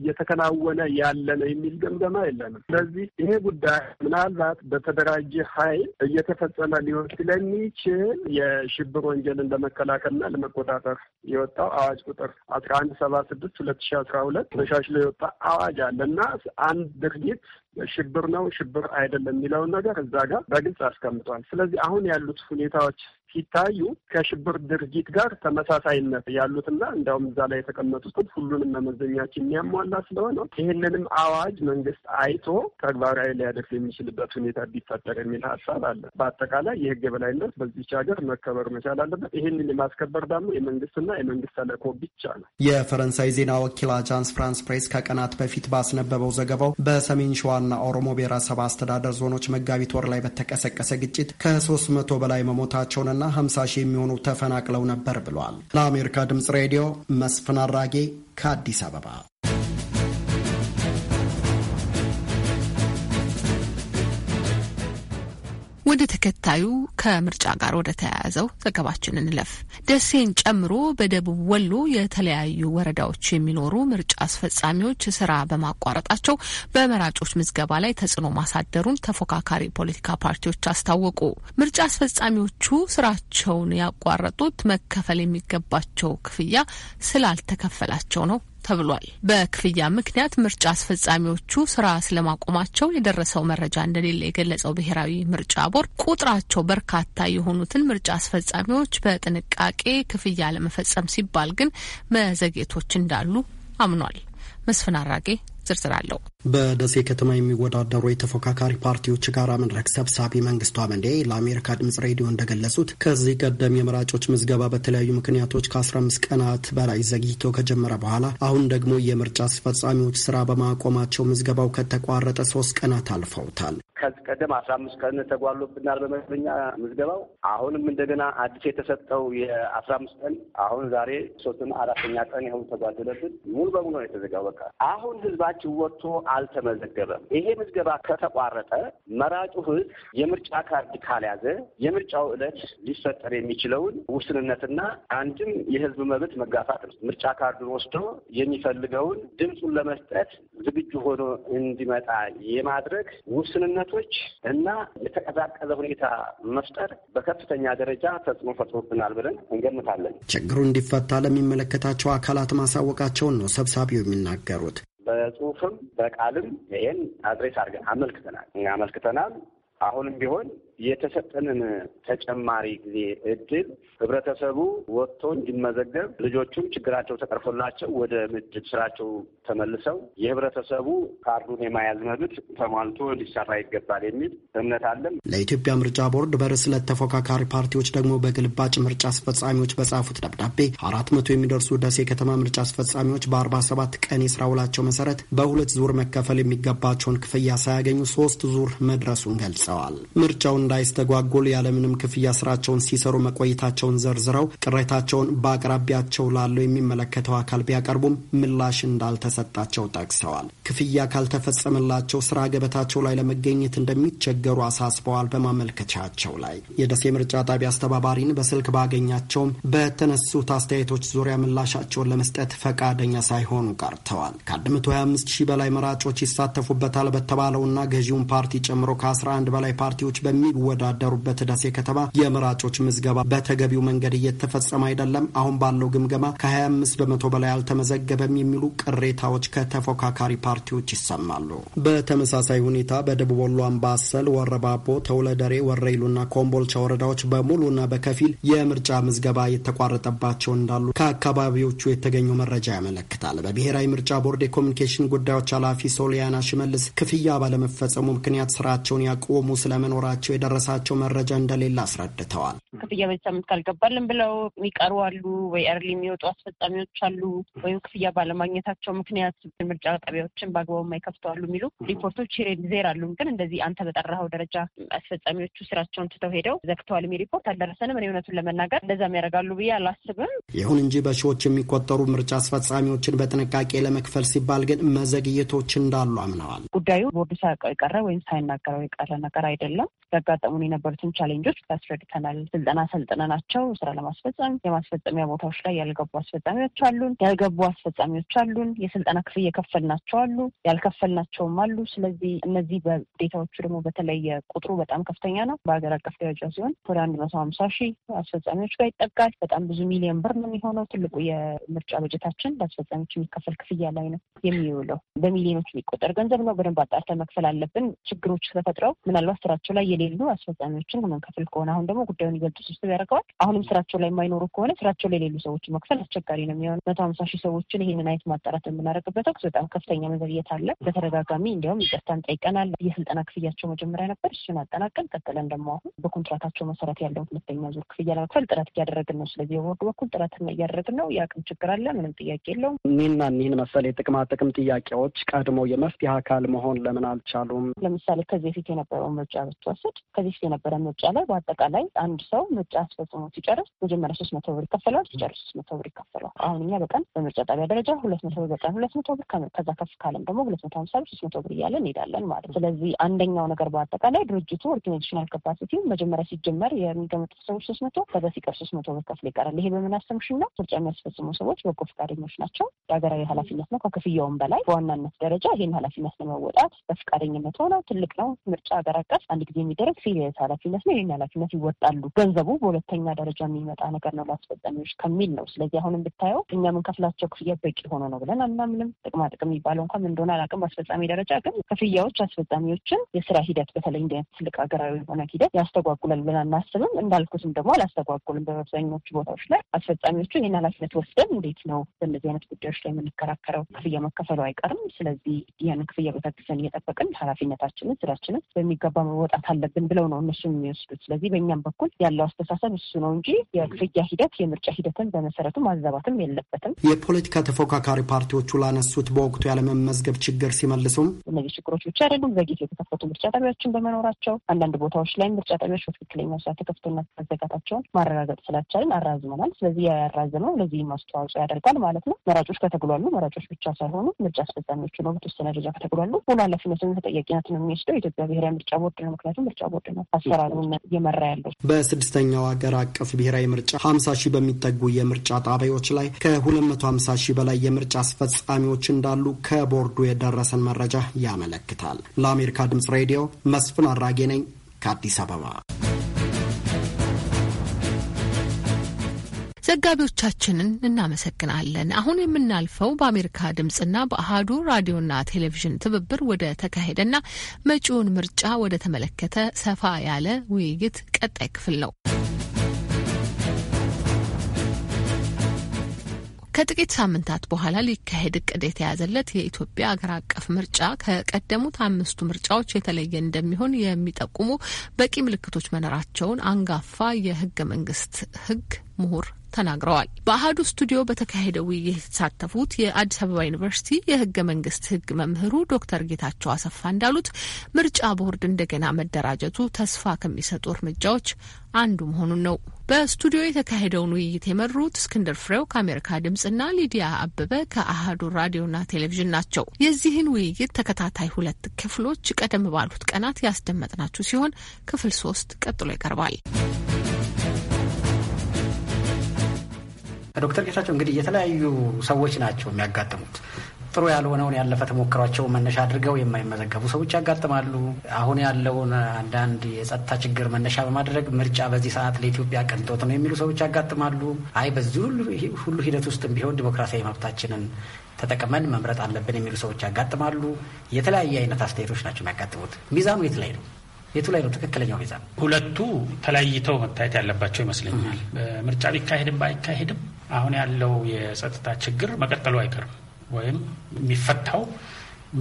እየተከናወነ ያለ ነው የሚል ገምገማ የለንም። ስለዚህ ይሄ ጉዳይ ምናልባት በተደራጀ ኃይል እየተፈጸመ ሊሆን ስለሚችል የሽብር ወንጀልን ለመከላከልና ለመቆጣጠር የወጣው አዋጅ ቁጥር አስራ አንድ ሰባ ስድስት ሁለት ሺ አስራ ሁለት ተሻሽሎ የወጣ አዋጅ አለ እና አንድ ድርጊት ሽብር ነው ሽብር አይደለም የሚለውን ነገር እዛ ጋር በግልጽ አስቀምጧል። ስለዚህ አሁን ያሉት ሁኔታዎች ሲታዩ ከሽብር ድርጊት ጋር ተመሳሳይነት ያሉትና እንዲያውም እዛ ላይ የተቀመጡትን ሁሉንም መመዘኛዎች የሚያሟላ ስለሆነ ይህንንም አዋጅ መንግስት አይቶ ተግባራዊ ሊያደርግ የሚችልበት ሁኔታ ቢፈጠር የሚል ሀሳብ አለ። በአጠቃላይ የህግ የበላይነት በዚች ሀገር መከበር መቻል አለበት። ይህንን የማስከበር ደግሞ የመንግስትና የመንግስት ተለኮ ብቻ ነው። የፈረንሳይ ዜና ወኪል አጃንስ ፍራንስ ፕሬስ ከቀናት በፊት ባስነበበው ዘገባው በሰሜን ሸዋና ኦሮሞ ብሔረሰብ አስተዳደር ዞኖች መጋቢት ወር ላይ በተቀሰቀሰ ግጭት ከሶስት መቶ በላይ መሞታቸውንና እና ሀምሳ ሺህ የሚሆኑ ተፈናቅለው ነበር ብሏል። ለአሜሪካ ድምፅ ሬዲዮ መስፍን አራጌ ከአዲስ አበባ ወደ ተከታዩ ከምርጫ ጋር ወደ ተያያዘው ዘገባችን እንለፍ። ደሴን ጨምሮ በደቡብ ወሎ የተለያዩ ወረዳዎች የሚኖሩ ምርጫ አስፈጻሚዎች ስራ በማቋረጣቸው በመራጮች ምዝገባ ላይ ተጽዕኖ ማሳደሩን ተፎካካሪ ፖለቲካ ፓርቲዎች አስታወቁ። ምርጫ አስፈጻሚዎቹ ስራቸውን ያቋረጡት መከፈል የሚገባቸው ክፍያ ስላልተከፈላቸው ነው ተብሏል። በክፍያ ምክንያት ምርጫ አስፈጻሚዎቹ ስራ ስለማቆማቸው የደረሰው መረጃ እንደሌለ የገለጸው ብሔራዊ ምርጫ ቦርድ ቁጥራቸው በርካታ የሆኑትን ምርጫ አስፈጻሚዎች በጥንቃቄ ክፍያ ለመፈጸም ሲባል ግን መዘግየቶች እንዳሉ አምኗል። መስፍን አራጌ ዝርዝር አለው። በደሴ ከተማ የሚወዳደሩ የተፎካካሪ ፓርቲዎች ጋራ መድረክ ሰብሳቢ መንግስቱ አመንዴ ለአሜሪካ ድምጽ ሬዲዮ እንደገለጹት ከዚህ ቀደም የመራጮች ምዝገባ በተለያዩ ምክንያቶች ከ15 ቀናት በላይ ዘግይቶ ከጀመረ በኋላ አሁን ደግሞ የምርጫ አስፈጻሚዎች ስራ በማቆማቸው ምዝገባው ከተቋረጠ ሶስት ቀናት አልፈውታል። ከዚህ ቀደም አስራ አምስት ቀን ተጓሎብናል በመደበኛ ምዝገባው። አሁንም እንደገና አዲስ የተሰጠው የአስራ አምስት ቀን አሁን ዛሬ ሶስትና አራተኛ ቀን ያሁን ተጓደለብን። ሙሉ በሙሉ ነው የተዘጋው። በቃ አሁን ህዝባችን ወጥቶ አልተመዘገበም። ይሄ ምዝገባ ከተቋረጠ መራጩ ህዝብ የምርጫ ካርድ ካልያዘ የምርጫው ዕለት ሊፈጠር የሚችለውን ውስንነትና አንድም የህዝብ መብት መጋፋት ነው። ምርጫ ካርዱን ወስዶ የሚፈልገውን ድምፁን ለመስጠት ዝግጁ ሆኖ እንዲመጣ የማድረግ ውስንነቶች እና የተቀዛቀዘ ሁኔታ መፍጠር በከፍተኛ ደረጃ ተጽዕኖ ፈጥሮብናል ብለን እንገምታለን። ችግሩ እንዲፈታ ለሚመለከታቸው አካላት ማሳወቃቸውን ነው ሰብሳቢው የሚናገሩት። በጽሁፍም በቃልም ይሄን አድሬስ አድርገን አመልክተናል አመልክተናል። አሁንም ቢሆን የተሰጠንን ተጨማሪ ጊዜ እድል ህብረተሰቡ ወጥቶ እንዲመዘገብ ልጆቹም ችግራቸው ተቀርፎላቸው ወደ ምድብ ስራቸው ተመልሰው የህብረተሰቡ ካርዱን የማያዝ መብት ተሟልቶ ሊሰራ ይገባል የሚል እምነት አለም። ለኢትዮጵያ ምርጫ ቦርድ በርዕስለት ተፎካካሪ ፓርቲዎች ደግሞ በግልባጭ ምርጫ አስፈጻሚዎች በጻፉት ደብዳቤ አራት መቶ የሚደርሱ ደሴ ከተማ ምርጫ አስፈጻሚዎች በአርባ ሰባት ቀን የስራ ውላቸው መሰረት በሁለት ዙር መከፈል የሚገባቸውን ክፍያ ሳያገኙ ሶስት ዙር መድረሱን ገልጸው ገልጸዋል። ምርጫው እንዳይስተጓጎል ያለምንም ክፍያ ስራቸውን ሲሰሩ መቆየታቸውን ዘርዝረው ቅሬታቸውን በአቅራቢያቸው ላለው የሚመለከተው አካል ቢያቀርቡም ምላሽ እንዳልተሰጣቸው ጠቅሰዋል። ክፍያ ካልተፈጸመላቸው ስራ ገበታቸው ላይ ለመገኘት እንደሚቸገሩ አሳስበዋል። በማመልከቻቸው ላይ የደሴ ምርጫ ጣቢያ አስተባባሪን በስልክ ባገኛቸውም በተነሱት አስተያየቶች ዙሪያ ምላሻቸውን ለመስጠት ፈቃደኛ ሳይሆኑ ቀርተዋል። ከ125 ሺህ በላይ መራጮች ይሳተፉበታል በተባለውና ገዢውን ፓርቲ ጨምሮ ከ11 በላይ ተዋናይ ፓርቲዎች በሚወዳደሩበት ደሴ ከተማ የመራጮች ምዝገባ በተገቢው መንገድ እየተፈጸመ አይደለም፣ አሁን ባለው ግምገማ ከ25 በመቶ በላይ አልተመዘገበም የሚሉ ቅሬታዎች ከተፎካካሪ ፓርቲዎች ይሰማሉ። በተመሳሳይ ሁኔታ በደቡብ ወሎ አምባሰል፣ ወረባቦ፣ ተውለደሬ፣ ወረይሉና ኮምቦልቻ ወረዳዎች በሙሉና በከፊል የምርጫ ምዝገባ የተቋረጠባቸው እንዳሉ ከአካባቢዎቹ የተገኘው መረጃ ያመለክታል። በብሔራዊ ምርጫ ቦርድ የኮሚኒኬሽን ጉዳዮች ኃላፊ ሶሊያና ሽመልስ ክፍያ ባለመፈጸሙ ምክንያት ስራቸውን ያቆሙ ስለመኖራቸው የደረሳቸው መረጃ እንደሌለ አስረድተዋል። ክፍያ በዚህ ሳምንት ካልገባልን ብለው የሚቀሩ አሉ፣ ወይ ኤርሊ የሚወጡ አስፈጻሚዎች አሉ፣ ወይም ክፍያ ባለማግኘታቸው ምክንያት ምርጫ ጣቢያዎችን በአግባቡ የማይከፍቱ የሚሉ ሪፖርቶች ዜር አሉ። ግን እንደዚህ አንተ በጠራኸው ደረጃ አስፈጻሚዎቹ ስራቸውን ትተው ሄደው ዘግተዋል የሚል ሪፖርት አልደረሰንም። እኔ እውነቱን ለመናገር እንደዛም ያደርጋሉ ብዬ አላስብም። ይሁን እንጂ በሺዎች የሚቆጠሩ ምርጫ አስፈጻሚዎችን በጥንቃቄ ለመክፈል ሲባል ግን መዘግየቶች እንዳሉ አምነዋል። ጉዳዩ ቦርዱ ሳያውቀው የቀረ ወይም ሳይናገረው የቀረ ነገር አይደለም። ያጋጠሙን የነበሩትን ቻሌንጆች ያስረድተናል። ስልጠና ሰልጥነናቸው ስራ ለማስፈጸም የማስፈጸሚያ ቦታዎች ላይ ያልገቡ አስፈጻሚዎች አሉን፣ ያልገቡ አስፈጻሚዎች አሉን፣ የስልጠና ክፍያ የከፈልናቸው አሉ፣ ያልከፈልናቸውም አሉ። ስለዚህ እነዚህ በዴታዎቹ ደግሞ በተለየ ቁጥሩ በጣም ከፍተኛ ነው። በሀገር አቀፍ ደረጃ ሲሆን ወደ አንድ መቶ ሀምሳ ሺህ አስፈጻሚዎች ጋር ይጠጋል። በጣም ብዙ ሚሊዮን ብር ነው የሚሆነው። ትልቁ የምርጫ በጀታችን ለአስፈጻሚዎች የሚከፈል ክፍያ ላይ ነው የሚውለው። በሚሊዮኖች የሚቆጠር ገንዘብ ነው። በደንብ አጣርተን መክፈል አለብን። ችግሮች ተፈጥረው ምና ምናልባት ስራቸው ላይ የሌሉ አስፈጻሚዎችን ለመንከፍል ከሆነ አሁን ደግሞ ጉዳዩን ይበልጥ ውስብስብ ያደርገዋል። አሁንም ስራቸው ላይ የማይኖሩ ከሆነ ስራቸው ላይ የሌሉ ሰዎች መክፈል አስቸጋሪ ነው የሚሆነው። መቶ ሀምሳ ሺህ ሰዎችን ይህንን አይነት ማጣራት የምናደርግበት ወቅት በጣም ከፍተኛ መዘግየት አለ። በተደጋጋሚ እንዲያውም ይቅርታን ጠይቀናል። የስልጠና ክፍያቸው መጀመሪያ ነበር። እሱን አጠናቀን ቀጥለን ደግሞ አሁን በኮንትራታቸው መሰረት ያለውን ሁለተኛ ዙር ክፍያ ለመክፈል ጥረት እያደረግን ነው። ስለዚህ በቦርዱ በኩል ጥረት እያደረግን ነው። የአቅም ችግር አለ፣ ምንም ጥያቄ የለውም። እኒህና እኒህን መሰል የጥቅማ ጥቅም ጥያቄዎች ቀድሞ የመፍትሄ አካል መሆን ለምን አልቻሉም? ለምሳሌ ከዚህ በፊት የነበረው የፈለገውን ምርጫ ብትወስድ ከዚህ ፊት የነበረ ምርጫ ላይ በአጠቃላይ አንድ ሰው ምርጫ አስፈጽሞ ሲጨርስ መጀመሪያ ሶስት መቶ ብር ይከፈለዋል። ሲጨርስ ሶስት መቶ ብር ይከፈለዋል። አሁን እኛ በቀን በምርጫ ጣቢያ ደረጃ ሁለት መቶ ብር በቀን ሁለት መቶ ብር ከዛ ከፍ ካለም ደግሞ ሁለት መቶ ሀምሳ ብር ሶስት መቶ ብር እያለ እንሄዳለን ማለት ነው። ስለዚህ አንደኛው ነገር በአጠቃላይ ድርጅቱ ኦርጋናይዜሽናል ካፓሲቲ መጀመሪያ ሲጀመር የሚገመጡት ሰዎች ሶስት መቶ ከዛ ሲቀር ሶስት መቶ ብር ከፍል ይቀራል። ይሄ በምናስተምሽን ነው ምርጫ የሚያስፈጽሙ ሰዎች በጎ ፈቃደኞች ናቸው። የሀገራዊ ኃላፊነት ነው። ከክፍያውም በላይ በዋናነት ደረጃ ይህን ኃላፊነት ለመወጣት በፈቃደኝነት ሆነው ትልቅ ነው ምርጫ ሀገራ የሚንቀሳቀስ አንድ ጊዜ የሚደረግ ሲሪየስ ኃላፊነት ነው። ይህን ኃላፊነት ይወጣሉ። ገንዘቡ በሁለተኛ ደረጃ የሚመጣ ነገር ነው ለአስፈጻሚዎች ከሚል ነው። ስለዚህ አሁንም ብታየው እኛ የምንከፍላቸው ክፍያ በቂ ሆኖ ነው ብለን አናምንም። ጥቅማ ጥቅም የሚባለው እንኳን እንደሆነ አላውቅም። በአስፈጻሚ ደረጃ ግን ክፍያዎች አስፈጻሚዎችን የስራ ሂደት በተለይ እንደ ትልቅ ሀገራዊ የሆነ ሂደት ያስተጓጉላል ብለን አናስብም። እንዳልኩትም ደግሞ አላስተጓጉልም። በአብዛኞቹ ቦታዎች ላይ አስፈጻሚዎቹ ይህን ኃላፊነት ወስደን እንዴት ነው በእነዚህ አይነት ጉዳዮች ላይ የምንከራከረው? ክፍያ መከፈሉ አይቀርም። ስለዚህ ይህንን ክፍያ ቤታክሰን እየጠበቅን ኃላፊነታችንን ስራችንን በሚገባ በሚገባ መወጣት አለብን ብለው ነው እነሱ የሚወስዱት። ስለዚህ በእኛም በኩል ያለው አስተሳሰብ እሱ ነው እንጂ የክፍያ ሂደት የምርጫ ሂደትን በመሰረቱ ማዛባትም የለበትም። የፖለቲካ ተፎካካሪ ፓርቲዎቹ ላነሱት በወቅቱ ያለመመዝገብ ችግር ሲመልሱም እነዚህ ችግሮች ብቻ አይደሉም። ዘግይቶ የተከፈቱ ምርጫ ጣቢያዎችን በመኖራቸው አንዳንድ ቦታዎች ላይ ምርጫ ጣቢያዎች በትክክለኛው ሰዓት ተከፍቶና መዘጋታቸውን ማረጋገጥ ስላቻልን አራዝመናል። ስለዚህ ያራዘመው ለዚህም አስተዋጽኦ ያደርጋል ማለት ነው። መራጮች ከተግሏሉ፣ መራጮች ብቻ ሳይሆኑ ምርጫ አስፈጻሚዎቹ ነው በተወሰነ ደረጃ ከተግሏሉ። ሙሉ ኃላፊነትን ተጠያቂነትን የሚወስደው የኢትዮጵያ ብሔራዊ ምርጫ ቦርድ ነው። ምክንያቱም ምርጫ ቦርድ ነው አሰራሩን እየመራ ያለው። በስድስተኛው ሀገር አቀፍ ብሔራዊ ምርጫ ሀምሳ ሺህ በሚጠጉ የምርጫ ጣቢያዎች ላይ ከሁለት መቶ ሀምሳ ሺህ በላይ የምርጫ አስፈጻሚዎች እንዳሉ ከቦርዱ የደረሰን መረጃ ያመለክታል። ለአሜሪካ ድምጽ ሬዲዮ መስፍን አራጌ ነኝ ከአዲስ አበባ። ዘጋቢዎቻችንን እናመሰግናለን። አሁን የምናልፈው በአሜሪካ ድምጽና በአህዱ ራዲዮና ቴሌቪዥን ትብብር ወደ ተካሄደና መጪውን ምርጫ ወደ ተመለከተ ሰፋ ያለ ውይይት ቀጣይ ክፍል ነው። ከጥቂት ሳምንታት በኋላ ሊካሄድ እቅድ የተያዘለት የኢትዮጵያ አገር አቀፍ ምርጫ ከቀደሙት አምስቱ ምርጫዎች የተለየ እንደሚሆን የሚጠቁሙ በቂ ምልክቶች መኖራቸውን አንጋፋ የህገ መንግስት ህግ ምሁር ተናግረዋል። በአህዱ ስቱዲዮ በተካሄደው ውይይት የተሳተፉት የአዲስ አበባ ዩኒቨርሲቲ የህገ መንግስት ህግ መምህሩ ዶክተር ጌታቸው አሰፋ እንዳሉት ምርጫ ቦርድ እንደገና መደራጀቱ ተስፋ ከሚሰጡ እርምጃዎች አንዱ መሆኑን ነው። በስቱዲዮ የተካሄደውን ውይይት የመሩት እስክንድር ፍሬው ከአሜሪካ ድምጽና ሊዲያ አበበ ከአህዱ ራዲዮና ቴሌቪዥን ናቸው። የዚህን ውይይት ተከታታይ ሁለት ክፍሎች ቀደም ባሉት ቀናት ያስደመጥናችሁ ሲሆን ክፍል ሶስት ቀጥሎ ይቀርባል። ዶክተር ጌታቸው እንግዲህ የተለያዩ ሰዎች ናቸው የሚያጋጥሙት ጥሩ ያልሆነውን ያለፈ ተሞክሯቸው መነሻ አድርገው የማይመዘገቡ ሰዎች ያጋጥማሉ። አሁን ያለውን አንዳንድ የጸጥታ ችግር መነሻ በማድረግ ምርጫ በዚህ ሰዓት ለኢትዮጵያ ቅንጦት ነው የሚሉ ሰዎች ያጋጥማሉ። አይ በዚህ ሁሉ ሂደት ውስጥም ቢሆን ዲሞክራሲያዊ መብታችንን ተጠቅመን መምረጥ አለብን የሚሉ ሰዎች ያጋጥማሉ። የተለያየ አይነት አስተያየቶች ናቸው የሚያጋጥሙት። ሚዛኑ የት ላይ ነው? የቱ ላይ ነው ትክክለኛው ሚዛን? ሁለቱ ተለያይተው መታየት ያለባቸው ይመስለኛል። ምርጫ ቢካሄድም ባይካሄድም አሁን ያለው የጸጥታ ችግር መቀጠሉ አይቀርም ወይም የሚፈታው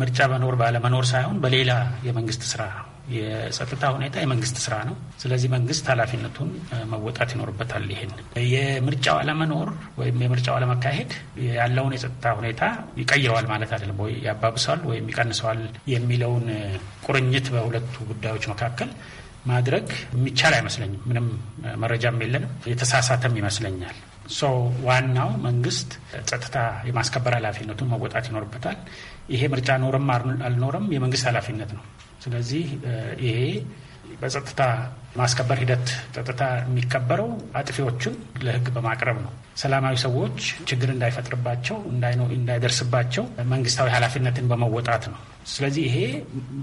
ምርጫ መኖር ባለመኖር ሳይሆን በሌላ የመንግስት ስራ የጸጥታ ሁኔታ የመንግስት ስራ ነው። ስለዚህ መንግስት ኃላፊነቱን መወጣት ይኖርበታል። ይሄን የምርጫው አለመኖር ወይም የምርጫው አለመካሄድ ያለውን የጸጥታ ሁኔታ ይቀይረዋል ማለት አይደለም፣ ወይ ያባብሰዋል ወይም ይቀንሰዋል የሚለውን ቁርኝት በሁለቱ ጉዳዮች መካከል ማድረግ የሚቻል አይመስለኝም። ምንም መረጃም የለንም። የተሳሳተም ይመስለኛል። ሶ ዋናው መንግስት ጸጥታ የማስከበር ኃላፊነቱን መወጣት ይኖርበታል። ይሄ ምርጫ ኖርም አልኖርም የመንግስት ኃላፊነት ነው። ስለዚህ ይሄ በጸጥታ ማስከበር ሂደት ጸጥታ የሚከበረው አጥፊዎቹን ለሕግ በማቅረብ ነው። ሰላማዊ ሰዎች ችግር እንዳይፈጥርባቸው እንዳይደርስባቸው መንግስታዊ ኃላፊነትን በመወጣት ነው። ስለዚህ ይሄ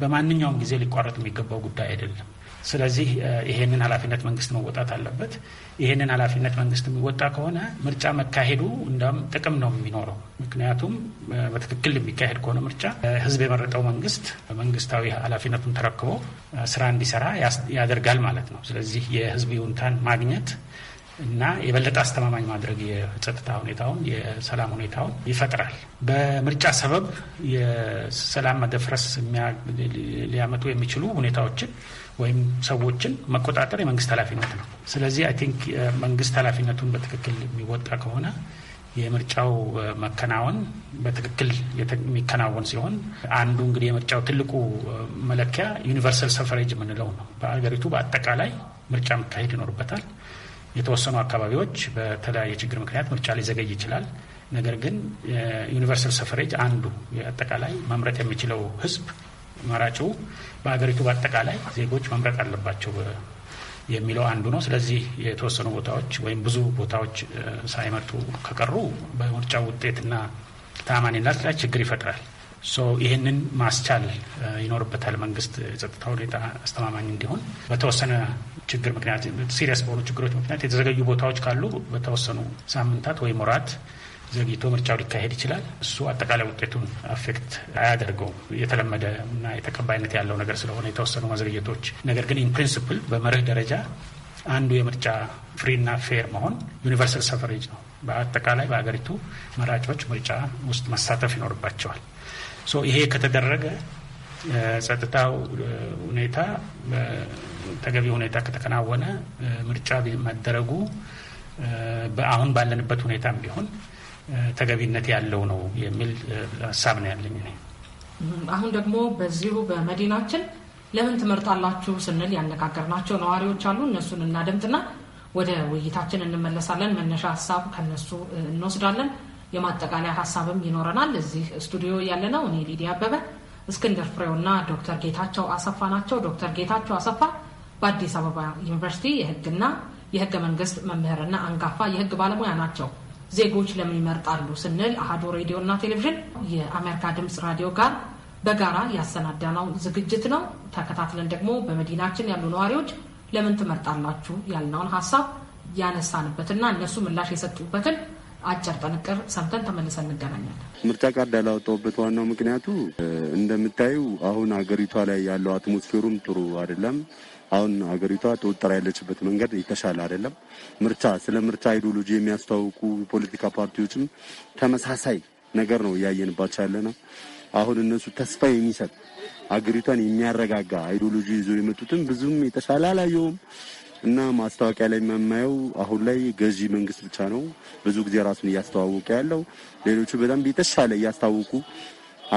በማንኛውም ጊዜ ሊቋረጥ የሚገባው ጉዳይ አይደለም። ስለዚህ ይሄንን ኃላፊነት መንግስት መወጣት አለበት። ይሄንን ኃላፊነት መንግስት የሚወጣ ከሆነ ምርጫ መካሄዱ እንዳውም ጥቅም ነው የሚኖረው። ምክንያቱም በትክክል የሚካሄድ ከሆነ ምርጫ ህዝብ የመረጠው መንግስት መንግስታዊ ኃላፊነቱን ተረክቦ ስራ እንዲሰራ ያደርጋል ማለት ነው። ስለዚህ የህዝብ ይሁንታን ማግኘት እና የበለጠ አስተማማኝ ማድረግ የጸጥታ ሁኔታውን የሰላም ሁኔታውን ይፈጥራል። በምርጫ ሰበብ የሰላም መደፍረስ ሊያመጡ የሚችሉ ሁኔታዎችን ወይም ሰዎችን መቆጣጠር የመንግስት ኃላፊነት ነው። ስለዚህ አይ ቲንክ መንግስት ኃላፊነቱን በትክክል የሚወጣ ከሆነ የምርጫው መከናወን በትክክል የሚከናወን ሲሆን አንዱ እንግዲህ የምርጫው ትልቁ መለኪያ ዩኒቨርሳል ሰፈሬጅ የምንለው ነው። በአገሪቱ በአጠቃላይ ምርጫ መካሄድ ይኖርበታል። የተወሰኑ አካባቢዎች በተለያየ ችግር ምክንያት ምርጫ ሊዘገይ ይችላል። ነገር ግን ዩኒቨርሳል ሰፈሬጅ አንዱ አጠቃላይ መምረጥ የሚችለው ህዝብ መራጩ በሀገሪቱ በአጠቃላይ ዜጎች መምረጥ አለባቸው የሚለው አንዱ ነው። ስለዚህ የተወሰኑ ቦታዎች ወይም ብዙ ቦታዎች ሳይመርጡ ከቀሩ በምርጫው ውጤትና ተአማኒነት ላይ ችግር ይፈጥራል። ይህንን ማስቻል uh, ይኖርበታል መንግስት የጸጥታ ሁኔታ አስተማማኝ እንዲሆን በተወሰነ ችግር ምክንያት ሲሪየስ በሆኑ ችግሮች ምክንያት የተዘገዩ ቦታዎች ካሉ በተወሰኑ ሳምንታት ወይም ወራት ዘግይቶ ምርጫው ሊካሄድ ይችላል። እሱ አጠቃላይ ውጤቱን አፌክት አያደርገውም። የተለመደ እና የተቀባይነት ያለው ነገር ስለሆነ የተወሰኑ መዘግየቶች፣ ነገር ግን ኢን ፕሪንስፕል በመርህ ደረጃ አንዱ የምርጫ ፍሪና ፌር መሆን ዩኒቨርሳል ሰፈሬጅ ነው። በአጠቃላይ በሀገሪቱ መራጮች ምርጫ ውስጥ መሳተፍ ይኖርባቸዋል። ይሄ ከተደረገ ጸጥታው ሁኔታ ተገቢ ሁኔታ ከተከናወነ ምርጫ መደረጉ አሁን ባለንበት ሁኔታም ቢሆን ተገቢነት ያለው ነው የሚል ሀሳብ ነው ያለኝ። አሁን ደግሞ በዚሁ በመዲናችን ለምን ትመርጣላችሁ ስንል ያነጋገርናቸው ነዋሪዎች አሉ። እነሱን እናደምጥና ወደ ውይይታችን እንመለሳለን። መነሻ ሀሳብ ከነሱ እንወስዳለን። የማጠቃለያ ሀሳብም ይኖረናል። እዚህ ስቱዲዮ ያለነው እኔ ሊዲያ አበበ፣ እስክንድር ፍሬውና ዶክተር ጌታቸው አሰፋ ናቸው። ዶክተር ጌታቸው አሰፋ በአዲስ አበባ ዩኒቨርሲቲ የህግና የህገ መንግስት መምህርና አንጋፋ የህግ ባለሙያ ናቸው። ዜጎች ለምን ይመርጣሉ ስንል አህዶ ሬዲዮና ቴሌቪዥን የአሜሪካ ድምፅ ራዲዮ ጋር በጋራ ያሰናዳነው ዝግጅት ነው። ተከታትለን ደግሞ በመዲናችን ያሉ ነዋሪዎች ለምን ትመርጣላችሁ ያልነውን ሀሳብ ያነሳንበትና እነሱ ምላሽ የሰጡበትን አጭር ጥንቅር ሰምተን ተመልሰን እንገናኛለን። ምርጫ ካርድ ያላወጣሁበት ዋናው ምክንያቱ እንደምታዩ አሁን አገሪቷ ላይ ያለው አትሞስፌሩም ጥሩ አይደለም። አሁን ሀገሪቷ ተወጠራ ያለችበት መንገድ የተሻለ አይደለም። ምርጫ ስለ ምርጫ አይዲዮሎጂ የሚያስተዋውቁ የፖለቲካ ፓርቲዎችም ተመሳሳይ ነገር ነው እያየንባቸው ያለ ነው። አሁን እነሱ ተስፋ የሚሰጥ አገሪቷን የሚያረጋጋ አይዲዮሎጂ ይዞ የመጡትም ብዙም የተሻለ አላየውም። እና ማስታወቂያ ላይ የማየው አሁን ላይ ገዢ መንግስት ብቻ ነው። ብዙ ጊዜ ራሱን እያስተዋወቀ ያለው ሌሎቹ በጣም የተሻለ እያስታወቁ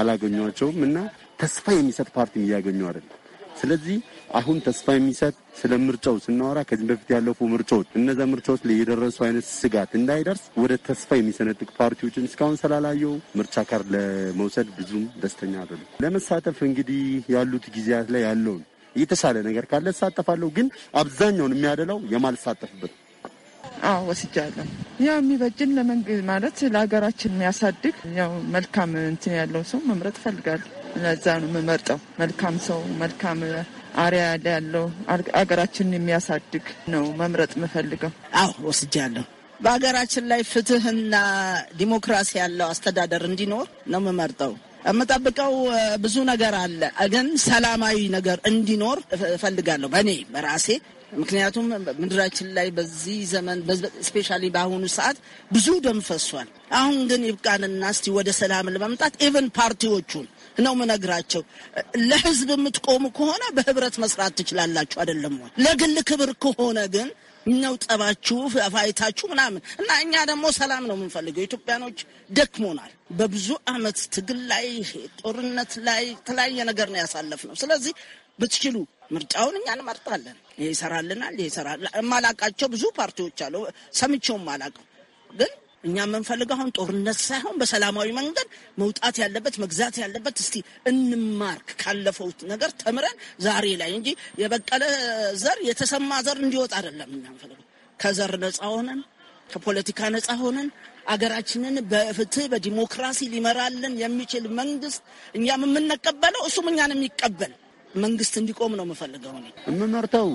አላገኟቸውም እና ተስፋ የሚሰጥ ፓርቲ እያገኙ አይደለም። ስለዚህ አሁን ተስፋ የሚሰጥ ስለ ምርጫው ስናወራ ከዚህ በፊት ያለፉ ምርጫዎች እነዛ ምርጫዎች ላይ የደረሱ አይነት ስጋት እንዳይደርስ ወደ ተስፋ የሚሰነጥቅ ፓርቲዎችን እስካሁን ስላላየው ምርጫ ካር ለመውሰድ ብዙም ደስተኛ አይደሉም። ለመሳተፍ እንግዲህ ያሉት ጊዜያት ላይ ያለውን የተሻለ ነገር ካለ እሳተፋለሁ። ግን አብዛኛውን የሚያደላው የማልሳተፍበት አዎ ወስጃለሁ። ያው የሚበጅን ለመንግስት ማለት ለሀገራችን የሚያሳድግ ያው መልካም እንትን ያለው ሰው መምረጥ እፈልጋለሁ። ለዛ ነው የምመርጠው። መልካም ሰው መልካም አሪያ ያለው ሀገራችንን የሚያሳድግ ነው መምረጥ የምፈልገው። አዎ ወስጃለሁ። በሀገራችን ላይ ፍትህና ዲሞክራሲ ያለው አስተዳደር እንዲኖር ነው የምመርጠው። የምጠብቀው ብዙ ነገር አለ፣ ግን ሰላማዊ ነገር እንዲኖር እፈልጋለሁ በእኔ በራሴ ምክንያቱም ምድራችን ላይ በዚህ ዘመን ስፔሻሊ በአሁኑ ሰዓት ብዙ ደም ፈሷል። አሁን ግን ይብቃንና እስቲ ወደ ሰላም ለመምጣት ኢቨን ፓርቲዎቹን ነው ምነግራቸው። ለህዝብ የምትቆሙ ከሆነ በህብረት መስራት ትችላላችሁ። አይደለም ለግል ክብር ከሆነ ግን ነው ጠባችሁ፣ ፋይታችሁ ምናምን እና እኛ ደግሞ ሰላም ነው የምንፈልገው። ኢትዮጵያኖች ደክሞናል። በብዙ አመት ትግል ላይ ጦርነት ላይ የተለያየ ነገር ነው ያሳለፍነው። ስለዚህ ብትችሉ ምርጫውን እኛ እንመርጣለን። ይሄ ይሰራልናል፣ ይሄ ይሰራል። የማላቃቸው ብዙ ፓርቲዎች አሉ፣ ሰምቼውም አላውቅም ግን እኛ የምንፈልገው አሁን ጦርነት ሳይሆን በሰላማዊ መንገድ መውጣት ያለበት መግዛት ያለበት እስቲ እንማርክ ካለፈው ነገር ተምረን ዛሬ ላይ እንጂ የበቀለ ዘር የተሰማ ዘር እንዲወጣ አይደለም እኛ ከዘር ነፃ ሆነን ከፖለቲካ ነፃ ሆነን አገራችንን በፍትህ በዲሞክራሲ ሊመራልን የሚችል መንግስት እኛም የምንቀበለው እሱም እኛን የሚቀበል መንግስት እንዲቆም ነው የምፈልገው። እኔ የምመርተው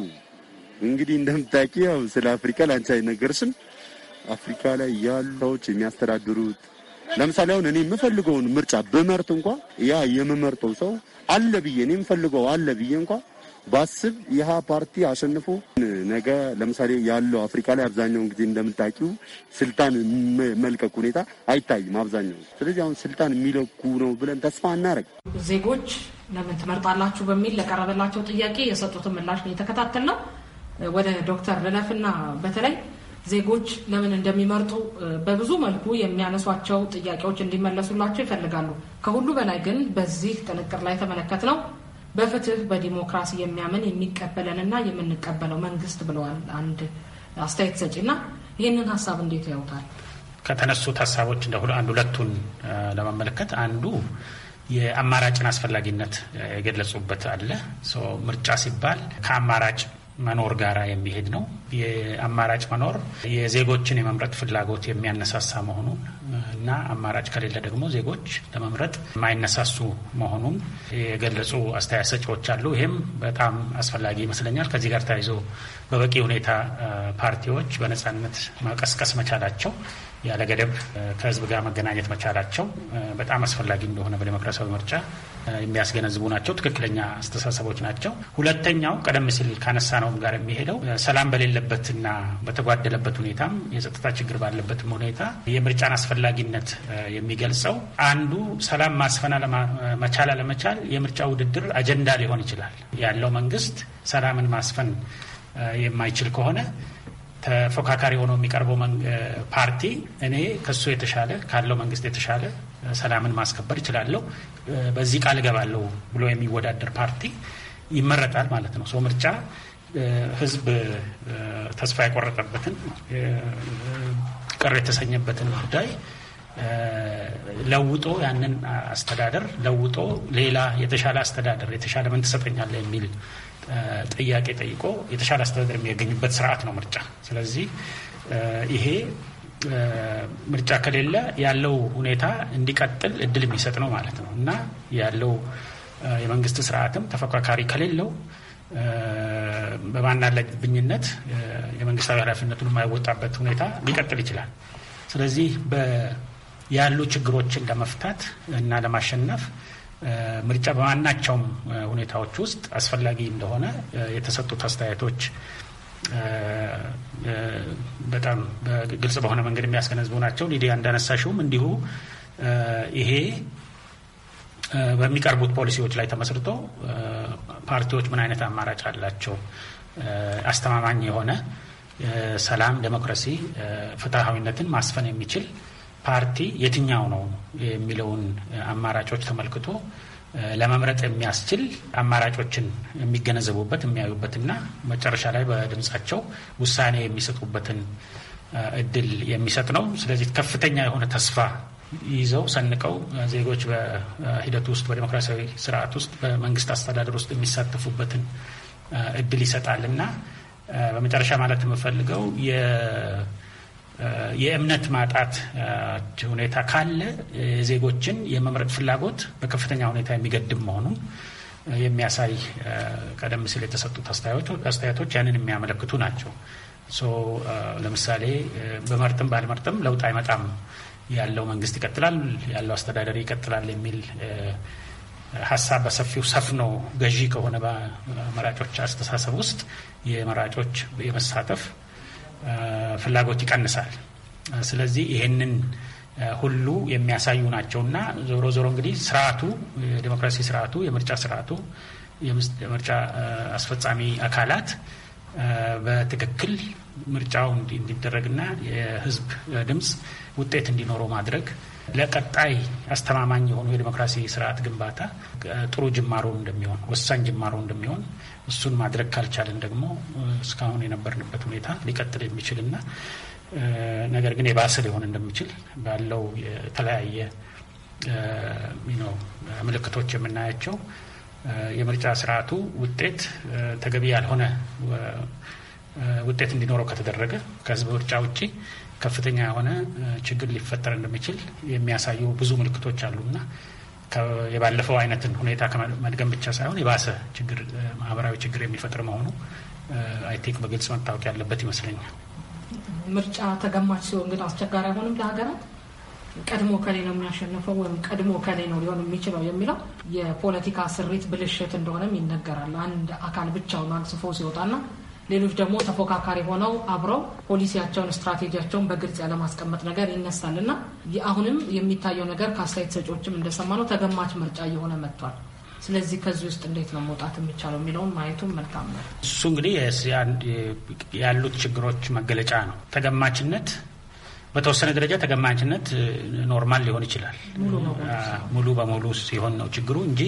እንግዲህ እንደምታውቂ ያው ስለ አፍሪካ ለአንቺ አይነገርስም አፍሪካ ላይ ያሉ ሰዎች የሚያስተዳድሩት ለምሳሌ አሁን እኔ የምፈልገውን ምርጫ ብመርጥ እንኳ ያ የምመርጠው ሰው አለ ብዬ እኔ የምፈልገው አለ ብዬ እንኳ ባስብ ይህ ፓርቲ አሸንፎ ነገ ለምሳሌ ያለው አፍሪካ ላይ አብዛኛውን ጊዜ እንደምታውቂው ስልጣን መልቀቅ ሁኔታ አይታይም አብዛኛው። ስለዚህ አሁን ስልጣን የሚለቁ ነው ብለን ተስፋ እናደርግ። ዜጎች ለምን ትመርጣላችሁ በሚል ለቀረበላቸው ጥያቄ የሰጡትን ምላሽ ነው የተከታተልነው። ወደ ዶክተር ልለፍና በተለይ ዜጎች ለምን እንደሚመርጡ በብዙ መልኩ የሚያነሷቸው ጥያቄዎች እንዲመለሱላቸው ይፈልጋሉ። ከሁሉ በላይ ግን በዚህ ጥንቅር ላይ ነው። በፍትህ በዲሞክራሲ የሚያምን የሚቀበለንና የምንቀበለው መንግስት ብለዋል አንድ አስተያየት ሰጪና ይህንን ሀሳብ እንዴት ያውታል? ከተነሱት ሀሳቦች እንደ አንድ ሁለቱን ለመመለከት አንዱ የአማራጭን አስፈላጊነት የገለጹበት አለ። ምርጫ ሲባል ከአማራጭ መኖር ጋራ የሚሄድ ነው። የአማራጭ መኖር የዜጎችን የመምረጥ ፍላጎት የሚያነሳሳ መሆኑን እና አማራጭ ከሌለ ደግሞ ዜጎች ለመምረጥ የማይነሳሱ መሆኑን የገለጹ አስተያየት ሰጪዎች አሉ። ይህም በጣም አስፈላጊ ይመስለኛል። ከዚህ ጋር ተያይዞ በበቂ ሁኔታ ፓርቲዎች በነጻነት መቀስቀስ መቻላቸው ያለ ገደብ ከህዝብ ጋር መገናኘት መቻላቸው በጣም አስፈላጊ እንደሆነ በዲሞክራሲያዊ ምርጫ የሚያስገነዝቡ ናቸው። ትክክለኛ አስተሳሰቦች ናቸው። ሁለተኛው ቀደም ሲል ካነሳ ነውም ጋር የሚሄደው ሰላም በሌለበትና በተጓደለበት ሁኔታም የጸጥታ ችግር ባለበትም ሁኔታ የምርጫን አስፈላጊነት የሚገልጸው አንዱ ሰላም ማስፈን መቻል አለመቻል የምርጫ ውድድር አጀንዳ ሊሆን ይችላል። ያለው መንግስት ሰላምን ማስፈን የማይችል ከሆነ ተፎካካሪ ሆኖ የሚቀርበው ፓርቲ እኔ ከሱ የተሻለ ካለው መንግስት የተሻለ ሰላምን ማስከበር እችላለሁ፣ በዚህ ቃል እገባለሁ ብሎ የሚወዳደር ፓርቲ ይመረጣል ማለት ነው። ሰው ምርጫ ህዝብ ተስፋ የቆረጠበትን ቅር የተሰኘበትን ጉዳይ ለውጦ ያንን አስተዳደር ለውጦ ሌላ የተሻለ አስተዳደር የተሻለ ምን ትሰጠኛለህ የሚል ጥያቄ ጠይቆ የተሻለ አስተዳደር የሚያገኙበት ስርዓት ነው ምርጫ። ስለዚህ ይሄ ምርጫ ከሌለ ያለው ሁኔታ እንዲቀጥል እድል የሚሰጥ ነው ማለት ነው እና ያለው የመንግስት ስርዓትም ተፎካካሪ ከሌለው በማናለብኝነት የመንግስታዊ ኃላፊነቱን የማይወጣበት ሁኔታ ሊቀጥል ይችላል። ስለዚህ ያሉ ችግሮችን ለመፍታት እና ለማሸነፍ ምርጫ በማናቸውም ሁኔታዎች ውስጥ አስፈላጊ እንደሆነ የተሰጡት አስተያየቶች በጣም ግልጽ በሆነ መንገድ የሚያስገነዝቡ ናቸው። ሊዲያ እንዳነሳሽውም እንዲሁ ይሄ በሚቀርቡት ፖሊሲዎች ላይ ተመስርቶ ፓርቲዎች ምን አይነት አማራጭ አላቸው? አስተማማኝ የሆነ ሰላም፣ ዴሞክራሲ፣ ፍትሐዊነትን ማስፈን የሚችል ፓርቲ የትኛው ነው የሚለውን አማራጮች ተመልክቶ ለመምረጥ የሚያስችል አማራጮችን የሚገነዘቡበት የሚያዩበትና መጨረሻ ላይ በድምጻቸው ውሳኔ የሚሰጡበትን እድል የሚሰጥ ነው። ስለዚህ ከፍተኛ የሆነ ተስፋ ይዘው ሰንቀው ዜጎች በሂደቱ ውስጥ በዲሞክራሲያዊ ስርዓት ውስጥ በመንግስት አስተዳደር ውስጥ የሚሳተፉበትን እድል ይሰጣል እና በመጨረሻ ማለት የምፈልገው የእምነት ማጣት ሁኔታ ካለ የዜጎችን የመምረጥ ፍላጎት በከፍተኛ ሁኔታ የሚገድብ መሆኑን የሚያሳይ ቀደም ሲል የተሰጡት አስተያየቶች ያንን የሚያመለክቱ ናቸው። ለምሳሌ በመርጥም ባልመርጥም ለውጥ አይመጣም፣ ያለው መንግስት ይቀጥላል፣ ያለው አስተዳደር ይቀጥላል የሚል ሀሳብ በሰፊው ሰፍኖ ገዢ ከሆነ በመራጮች አስተሳሰብ ውስጥ የመራጮች የመሳተፍ ፍላጎት ይቀንሳል። ስለዚህ ይህንን ሁሉ የሚያሳዩ ናቸው እና ዞሮ ዞሮ እንግዲህ ስርዓቱ የዲሞክራሲ ስርዓቱ የምርጫ ስርዓቱ የምርጫ አስፈጻሚ አካላት በትክክል ምርጫው እንዲደረግና የህዝብ ድምፅ ውጤት እንዲኖረው ማድረግ ለቀጣይ አስተማማኝ የሆኑ የዲሞክራሲ ስርዓት ግንባታ ጥሩ ጅማሮ እንደሚሆን ወሳኝ ጅማሮ እንደሚሆን እሱን ማድረግ ካልቻለን ደግሞ እስካሁን የነበርንበት ሁኔታ ሊቀጥል የሚችልና ነገር ግን የባሰ ሊሆን እንደሚችል ባለው የተለያየ ምልክቶች የምናያቸው የምርጫ ስርዓቱ ውጤት ተገቢ ያልሆነ ውጤት እንዲኖረው ከተደረገ ከህዝብ ምርጫ ውጭ ከፍተኛ የሆነ ችግር ሊፈጠር እንደሚችል የሚያሳዩ ብዙ ምልክቶች አሉና የባለፈው አይነትን ሁኔታ ከመድገም ብቻ ሳይሆን የባሰ ችግር ማህበራዊ ችግር የሚፈጥር መሆኑ አይ ቲንክ በግልጽ መታወቅ ያለበት ይመስለኛል። ምርጫ ተገማች ሲሆን ግን አስቸጋሪ አይሆንም ለሀገራት ቀድሞ ከሌ ነው የሚያሸንፈው ወይም ቀድሞ ከሌ ነው ሊሆን የሚችለው የሚለው የፖለቲካ ስሪት ብልሽት እንደሆነም ይነገራል። አንድ አካል ብቻውን አግዝፎ ሲወጣና ሌሎች ደግሞ ተፎካካሪ ሆነው አብረው ፖሊሲያቸውን፣ ስትራቴጂያቸውን በግልጽ ያለማስቀመጥ ነገር ይነሳል እና አሁንም የሚታየው ነገር ከአስተያየት ሰጪዎችም እንደሰማነው ተገማች ምርጫ እየሆነ መጥቷል። ስለዚህ ከዚህ ውስጥ እንዴት ነው መውጣት የሚቻለው የሚለውን ማየቱም መልካም ነው። እሱ እንግዲህ ያሉት ችግሮች መገለጫ ነው። ተገማችነት በተወሰነ ደረጃ ተገማችነት ኖርማል ሊሆን ይችላል። ሙሉ በሙሉ ሲሆን ነው ችግሩ እንጂ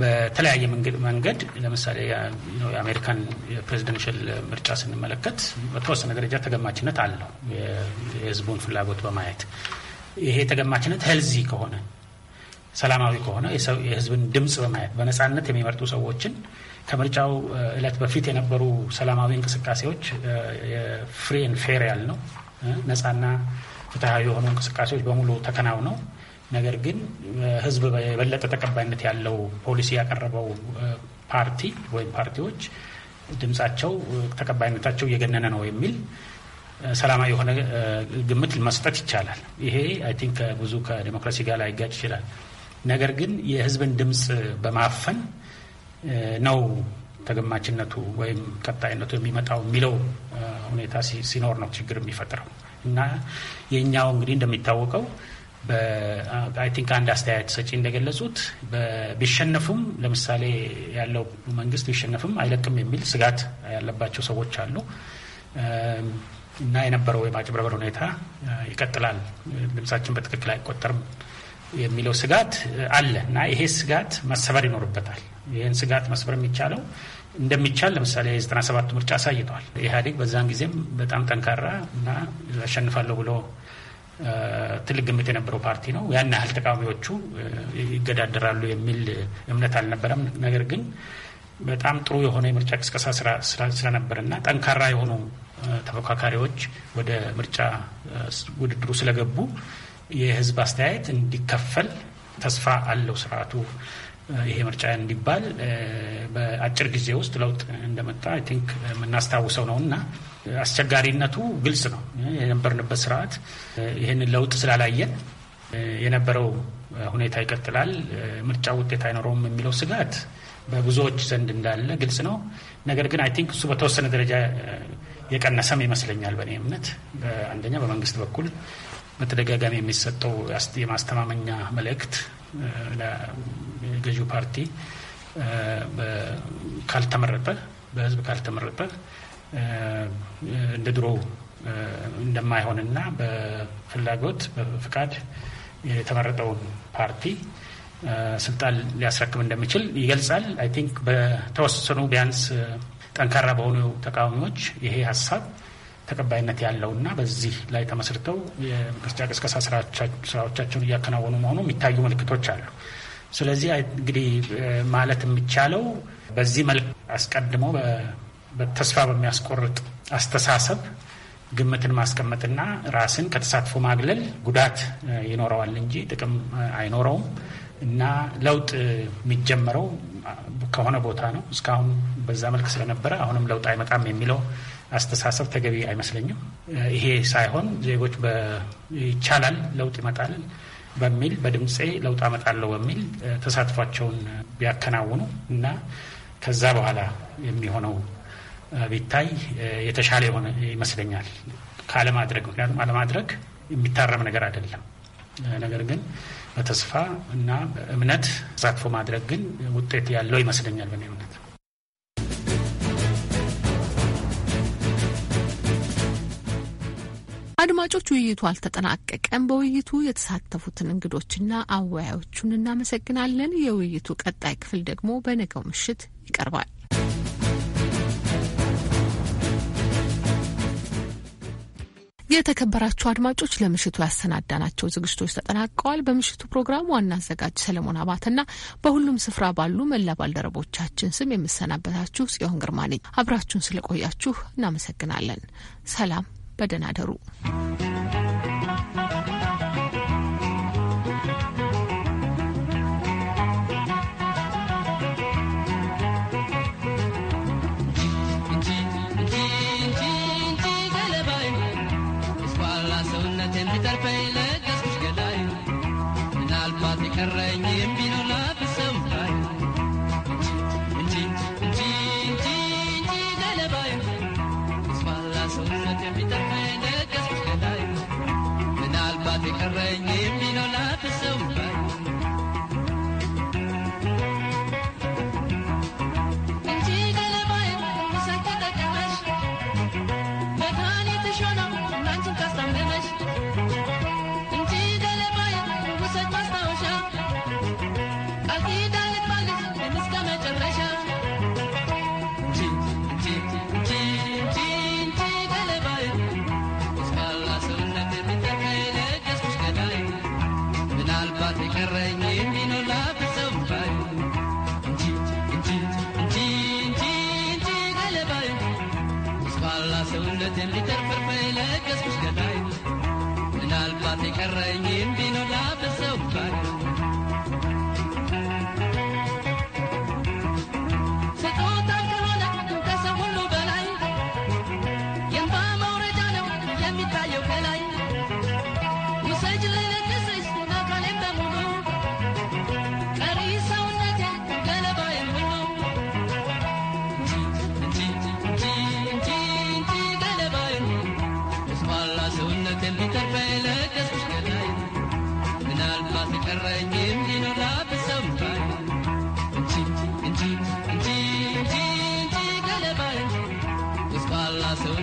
በተለያየ መንገድ ለምሳሌ የአሜሪካን የፕሬዚደንሽል ምርጫ ስንመለከት በተወሰነ ደረጃ ተገማችነት አለው የህዝቡን ፍላጎት በማየት ይሄ ተገማችነት ሄልዚ ከሆነ ሰላማዊ ከሆነ የህዝብን ድምፅ በማየት በነፃነት የሚመርጡ ሰዎችን ከምርጫው እለት በፊት የነበሩ ሰላማዊ እንቅስቃሴዎች ፍሪ ኤንድ ፌር ያል ነው ነጻና ፍትሐዊ የሆኑ እንቅስቃሴዎች በሙሉ ተከናውነው ነገር ግን ህዝብ የበለጠ ተቀባይነት ያለው ፖሊሲ ያቀረበው ፓርቲ ወይም ፓርቲዎች ድምጻቸው ተቀባይነታቸው እየገነነ ነው የሚል ሰላማዊ የሆነ ግምት መስጠት ይቻላል። ይሄ አይ ቲንክ ብዙ ከዲሞክራሲ ጋር ላይጋጭ ይችላል። ነገር ግን የህዝብን ድምፅ በማፈን ነው ተገማችነቱ ወይም ቀጣይነቱ የሚመጣው የሚለው ሁኔታ ሲኖር ነው ችግር የሚፈጥረው እና የእኛው እንግዲህ እንደሚታወቀው አይ ቲንክ አንድ አስተያየት ሰጪ እንደገለጹት ቢሸነፉም ለምሳሌ ያለው መንግስት ቢሸነፍም አይለቅም የሚል ስጋት ያለባቸው ሰዎች አሉ እና የነበረው የማጭበርበር ሁኔታ ይቀጥላል፣ ድምጻችን በትክክል አይቆጠርም የሚለው ስጋት አለ እና ይሄ ስጋት መሰበር ይኖርበታል። ይህን ስጋት መስበር የሚቻለው እንደሚቻል ለምሳሌ የዘጠና ሰባቱ ምርጫ አሳይተዋል። ኢህአዴግ በዛን ጊዜም በጣም ጠንካራ እና አሸንፋለሁ ብሎ ትልቅ ግምት የነበረው ፓርቲ ነው። ያን ያህል ተቃዋሚዎቹ ይገዳደራሉ የሚል እምነት አልነበረም። ነገር ግን በጣም ጥሩ የሆነ የምርጫ ቅስቀሳ ና ጠንካራ የሆኑ ተፎካካሪዎች ወደ ምርጫ ውድድሩ ስለገቡ የህዝብ አስተያየት እንዲከፈል ተስፋ አለው ስርዓቱ ይሄ ምርጫ እንዲባል በአጭር ጊዜ ውስጥ ለውጥ እንደመጣ አይ ቲንክ የምናስታውሰው ነው እና አስቸጋሪነቱ ግልጽ ነው። የነበርንበት ስርዓት ይህንን ለውጥ ስላላየን የነበረው ሁኔታ ይቀጥላል፣ ምርጫ ውጤት አይኖረውም የሚለው ስጋት በብዙዎች ዘንድ እንዳለ ግልጽ ነው። ነገር ግን አይ ቲንክ እሱ በተወሰነ ደረጃ የቀነሰም ይመስለኛል በእኔ እምነት አንደኛ በመንግስት በኩል በተደጋጋሚ የሚሰጠው የማስተማመኛ መልእክት ለገዢው ፓርቲ ካልተመረጠ በህዝብ ካልተመረጠ እንደ ድሮ እንደማይሆንና በፍላጎት በፍቃድ የተመረጠውን ፓርቲ ስልጣን ሊያስረክብ እንደሚችል ይገልጻል። አይ ቲንክ በተወሰኑ ቢያንስ ጠንካራ በሆኑ ተቃዋሚዎች ይሄ ሀሳብ ተቀባይነት ያለውና በዚህ ላይ ተመስርተው የምርጫ ቅስቀሳ ስራዎቻቸውን እያከናወኑ መሆኑ የሚታዩ ምልክቶች አሉ። ስለዚህ እንግዲህ ማለት የሚቻለው በዚህ መልክ አስቀድሞ በተስፋ በሚያስቆርጥ አስተሳሰብ ግምትን ማስቀመጥና ራስን ከተሳትፎ ማግለል ጉዳት ይኖረዋል እንጂ ጥቅም አይኖረውም እና ለውጥ የሚጀመረው ከሆነ ቦታ ነው። እስካሁን በዛ መልክ ስለነበረ አሁንም ለውጥ አይመጣም የሚለው አስተሳሰብ ተገቢ አይመስለኝም። ይሄ ሳይሆን ዜጎች ይቻላል፣ ለውጥ ይመጣል በሚል በድምፄ ለውጥ አመጣለሁ በሚል ተሳትፏቸውን ቢያከናውኑ እና ከዛ በኋላ የሚሆነው ቢታይ የተሻለ የሆነ ይመስለኛል ካለማድረግ። ምክንያቱም አለማድረግ የሚታረም ነገር አይደለም። ነገር ግን በተስፋ እና በእምነት ተሳትፎ ማድረግ ግን ውጤት ያለው ይመስለኛል በእኔ እምነት። አድማጮች፣ ውይይቱ አልተጠናቀቀም። በውይይቱ የተሳተፉትን እንግዶችና አወያዮቹን እናመሰግናለን። የውይይቱ ቀጣይ ክፍል ደግሞ በነገው ምሽት ይቀርባል። የተከበራችሁ አድማጮች ለምሽቱ ያሰናዳናቸው ዝግጅቶች ተጠናቀዋል። በምሽቱ ፕሮግራም ዋና አዘጋጅ ሰለሞን አባትና በሁሉም ስፍራ ባሉ መላ ባልደረቦቻችን ስም የምሰናበታችሁ ጽዮን ግርማ ነኝ። አብራችሁን ስለቆያችሁ እናመሰግናለን። ሰላም። በደህና ደሩ።